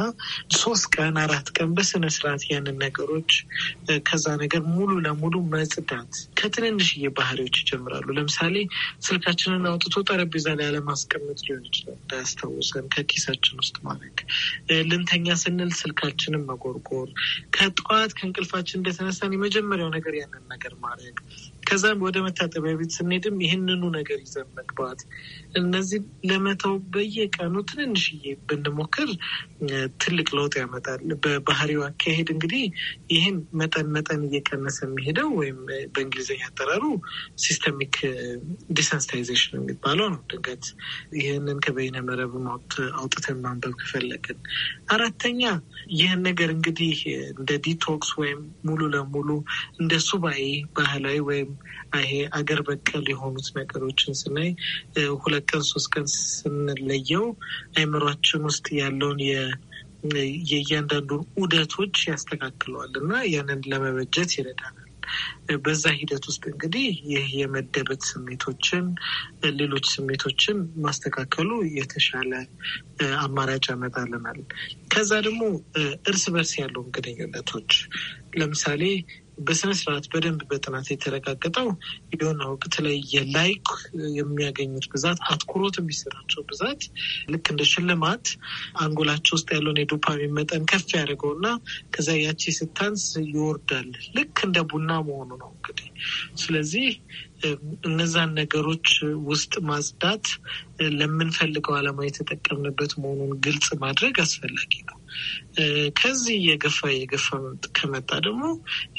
ሶስት ቀን አራት ቀን በስነ ስርዓት ያንን ነገሮች ከዛ ነገር ሙሉ ለሙሉ መጽዳት ከትንንሽዬ ባህሪዎች ይጀምራሉ። ለምሳሌ ስልካችንን አውጥቶ ጠረጴዛ ላይ አለማስቀመጥ ሊሆን ይችላል እንዳያስታውሰን ከኪሳችን ውስጥ ማድረግ፣ ልንተኛ ስንል ስልካችንን መጎርጎር፣ ከጠዋት ከእንቅልፋችን እንደተነሳን የመጀመሪያው ነገር ያንን ነገር ማድረግ ከዛም ወደ መታጠቢያ ቤት ስንሄድም ይህንኑ ነገር ይዘን መግባት፣ እነዚህ ለመተው በየቀኑ ትንንሽዬ ብንሞክር ትልቅ ለውጥ ያመጣል። በባህሪው አካሄድ እንግዲህ ይህን መጠን መጠን እየቀነሰ የሚሄደው ወይም በእንግሊዝኛ አጠራሩ ሲስተሚክ ዲሰንስታይዜሽን የሚባለው ነው። ድንገት ይህንን ከበይነ መረብ አውጥተን ማንበብ ከፈለግን፣ አራተኛ ይህን ነገር እንግዲህ እንደ ዲቶክስ ወይም ሙሉ ለሙሉ እንደ ሱባኤ ባህላዊ ወይም ይሄ አገር በቀል የሆኑት ነገሮችን ስናይ ሁለት ቀን ሶስት ቀን ስንለየው አይምሯችን ውስጥ ያለውን የእያንዳንዱን ዑደቶች ያስተካክለዋል እና ያንን ለመበጀት ይረዳናል። በዛ ሂደት ውስጥ እንግዲህ ይህ የመደበት ስሜቶችን፣ ሌሎች ስሜቶችን ማስተካከሉ የተሻለ አማራጭ ያመጣልናል። ከዛ ደግሞ እርስ በርስ ያለውን ግንኙነቶች ለምሳሌ በስነስርዓት በደንብ በጥናት የተረጋገጠው ወቅት ላይ የላይክ የሚያገኙት ብዛት አትኩሮት የሚሰራቸው ብዛት ልክ እንደ ሽልማት አንጎላቸው ውስጥ ያለውን የዶፓሚን መጠን ከፍ ያደርገው እና ከዛ ያቺ ስታንስ ይወርዳል። ልክ እንደ ቡና መሆኑ ነው እንግዲህ ስለዚህ እነዛን ነገሮች ውስጥ ማጽዳት ለምንፈልገው ዓላማ የተጠቀምንበት መሆኑን ግልጽ ማድረግ አስፈላጊ ነው። ከዚህ የገፋ የገፋ ከመጣ ደግሞ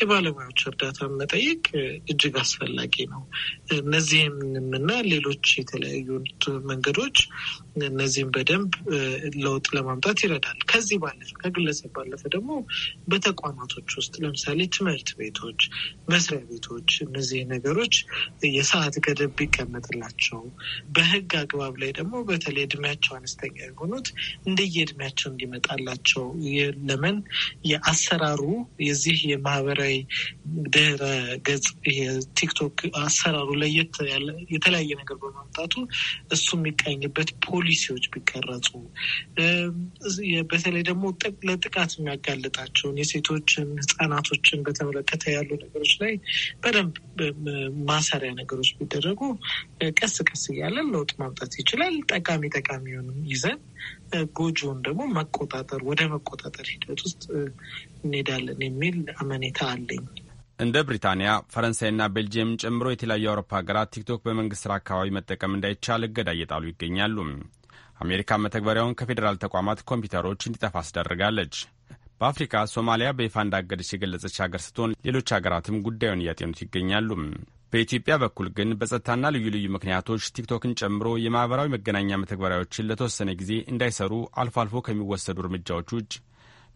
የባለሙያዎች እርዳታ መጠየቅ እጅግ አስፈላጊ ነው። እነዚህም እና ሌሎች የተለያዩ መንገዶች እነዚህም በደንብ ለውጥ ለማምጣት ይረዳል። ከዚህ ባለፈ ከግለሰብ ባለፈ ደግሞ በተቋማቶች ውስጥ ለምሳሌ ትምህርት ቤቶች፣ መስሪያ ቤቶች እነዚህ ነገሮች የሰዓት ገደብ ቢቀመጥላቸው በህግ አግባብ ላይ ደግሞ በተለይ እድሜያቸው አነስተኛ የሆኑት እንደየእድሜያቸው እንዲመጣላቸው ለምን የአሰራሩ የዚህ የማህበራዊ ድህረ ገጽ የቲክቶክ አሰራሩ ለየት የተለያየ ነገር በማምጣቱ እሱ የሚቃኝበት ፖሊሲዎች ቢቀረጹ በተለይ ደግሞ ለጥቃት የሚያጋልጣቸውን የሴቶችን ህጻናቶችን በተመለከተ ያሉ ነገሮች ላይ በደንብ ማሰሪያ ነገሮች ቢደረጉ ቀስ ቀስ እያለን ለውጥ ማምጣት ይችላል። ጠቃሚ ጠቃሚውንም ይዘን ጎጆውን ደግሞ መቆጣጠር ወደ መቆጣጠር ሂደት ውስጥ እንሄዳለን የሚል አመኔታ አለኝ። እንደ ብሪታንያ፣ ፈረንሳይና ቤልጅየም ጨምሮ የተለያዩ የአውሮፓ ሀገራት ቲክቶክ በመንግስት ስራ አካባቢ መጠቀም እንዳይቻል እገዳ እየጣሉ ይገኛሉ። አሜሪካ መተግበሪያውን ከፌዴራል ተቋማት ኮምፒውተሮች እንዲጠፋ አስደርጋለች። በአፍሪካ ሶማሊያ በይፋ እንዳገደች የገለጸች ሀገር ስትሆን ሌሎች ሀገራትም ጉዳዩን እያጤኑት ይገኛሉ። በኢትዮጵያ በኩል ግን በጸጥታና ልዩ ልዩ ምክንያቶች ቲክቶክን ጨምሮ የማኅበራዊ መገናኛ መተግበሪያዎችን ለተወሰነ ጊዜ እንዳይሰሩ አልፎ አልፎ ከሚወሰዱ እርምጃዎች ውጭ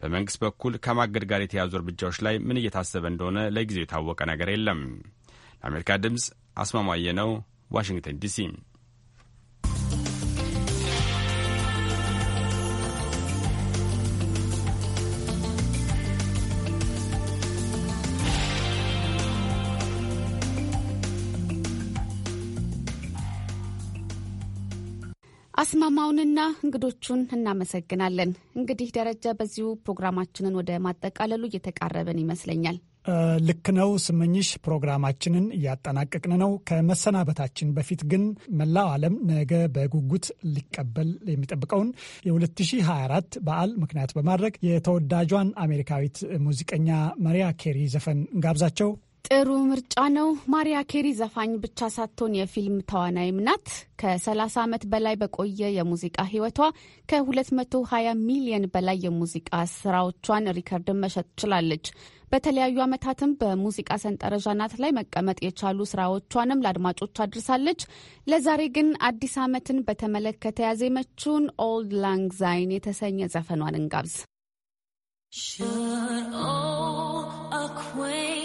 በመንግሥት በኩል ከማገድ ጋር የተያዙ እርምጃዎች ላይ ምን እየታሰበ እንደሆነ ለጊዜው የታወቀ ነገር የለም። ለአሜሪካ ድምፅ አስማማየ ነው፣ ዋሽንግተን ዲሲ። አስማማውንና እንግዶቹን እናመሰግናለን። እንግዲህ ደረጃ፣ በዚሁ ፕሮግራማችንን ወደ ማጠቃለሉ እየተቃረብን ይመስለኛል። ልክ ነው ስመኝሽ፣ ፕሮግራማችንን እያጠናቀቅን ነው። ከመሰናበታችን በፊት ግን መላው ዓለም ነገ በጉጉት ሊቀበል የሚጠብቀውን የ2024 በዓል ምክንያት በማድረግ የተወዳጇን አሜሪካዊት ሙዚቀኛ መሪያ ኬሪ ዘፈን ጋብዛቸው። ጥሩ ምርጫ ነው። ማሪያ ኬሪ ዘፋኝ ብቻ ሳትሆን የፊልም ተዋናይም ናት። ከ30 ዓመት በላይ በቆየ የሙዚቃ ሕይወቷ ከ220 ሚሊየን በላይ የሙዚቃ ስራዎቿን ሪከርድ መሸጥ ችላለች። በተለያዩ ዓመታትም በሙዚቃ ሰንጠረዥ ላይ መቀመጥ የቻሉ ስራዎቿንም ለአድማጮች አድርሳለች። ለዛሬ ግን አዲስ ዓመትን በተመለከተ ያዜመችውን ኦልድ ላንግ ዛይን የተሰኘ ዘፈኗን እንጋብዝ። Should all acquaint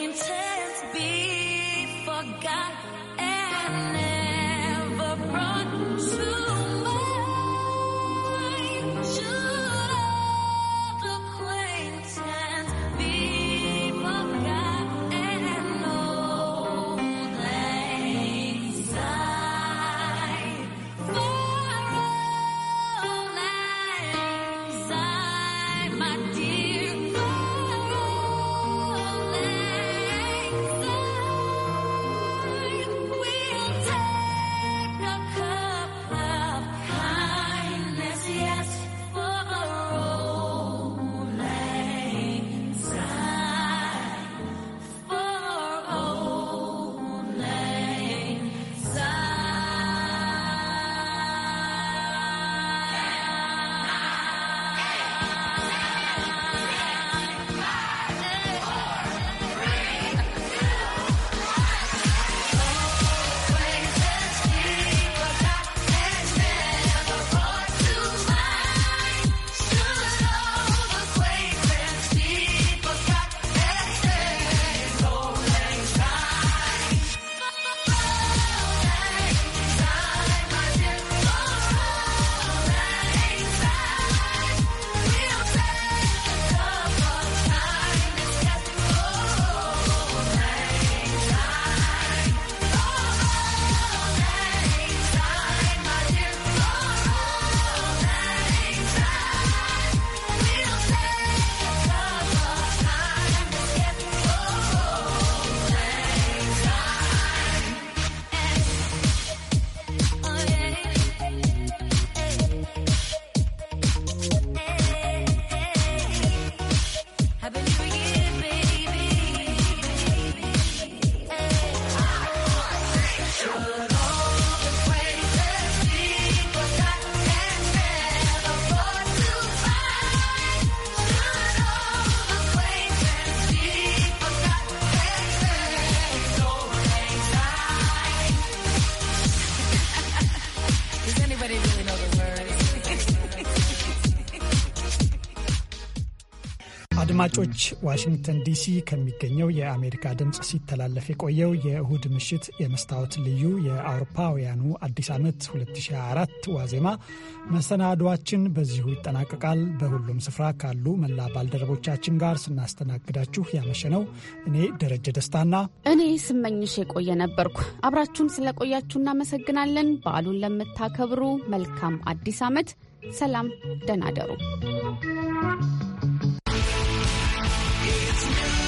አድማጮች፣ ዋሽንግተን ዲሲ ከሚገኘው የአሜሪካ ድምፅ ሲተላለፍ የቆየው የእሁድ ምሽት የመስታወት ልዩ የአውሮፓውያኑ አዲስ ዓመት 2024 ዋዜማ መሰናዷችን በዚሁ ይጠናቀቃል። በሁሉም ስፍራ ካሉ መላ ባልደረቦቻችን ጋር ስናስተናግዳችሁ ያመሸነው እኔ ደረጀ ደስታና እኔ ስመኝሽ የቆየ ነበርኩ። አብራችሁን ስለቆያችሁ እናመሰግናለን። በዓሉን ለምታከብሩ መልካም አዲስ ዓመት። ሰላም፣ ደህና ደሩ። It's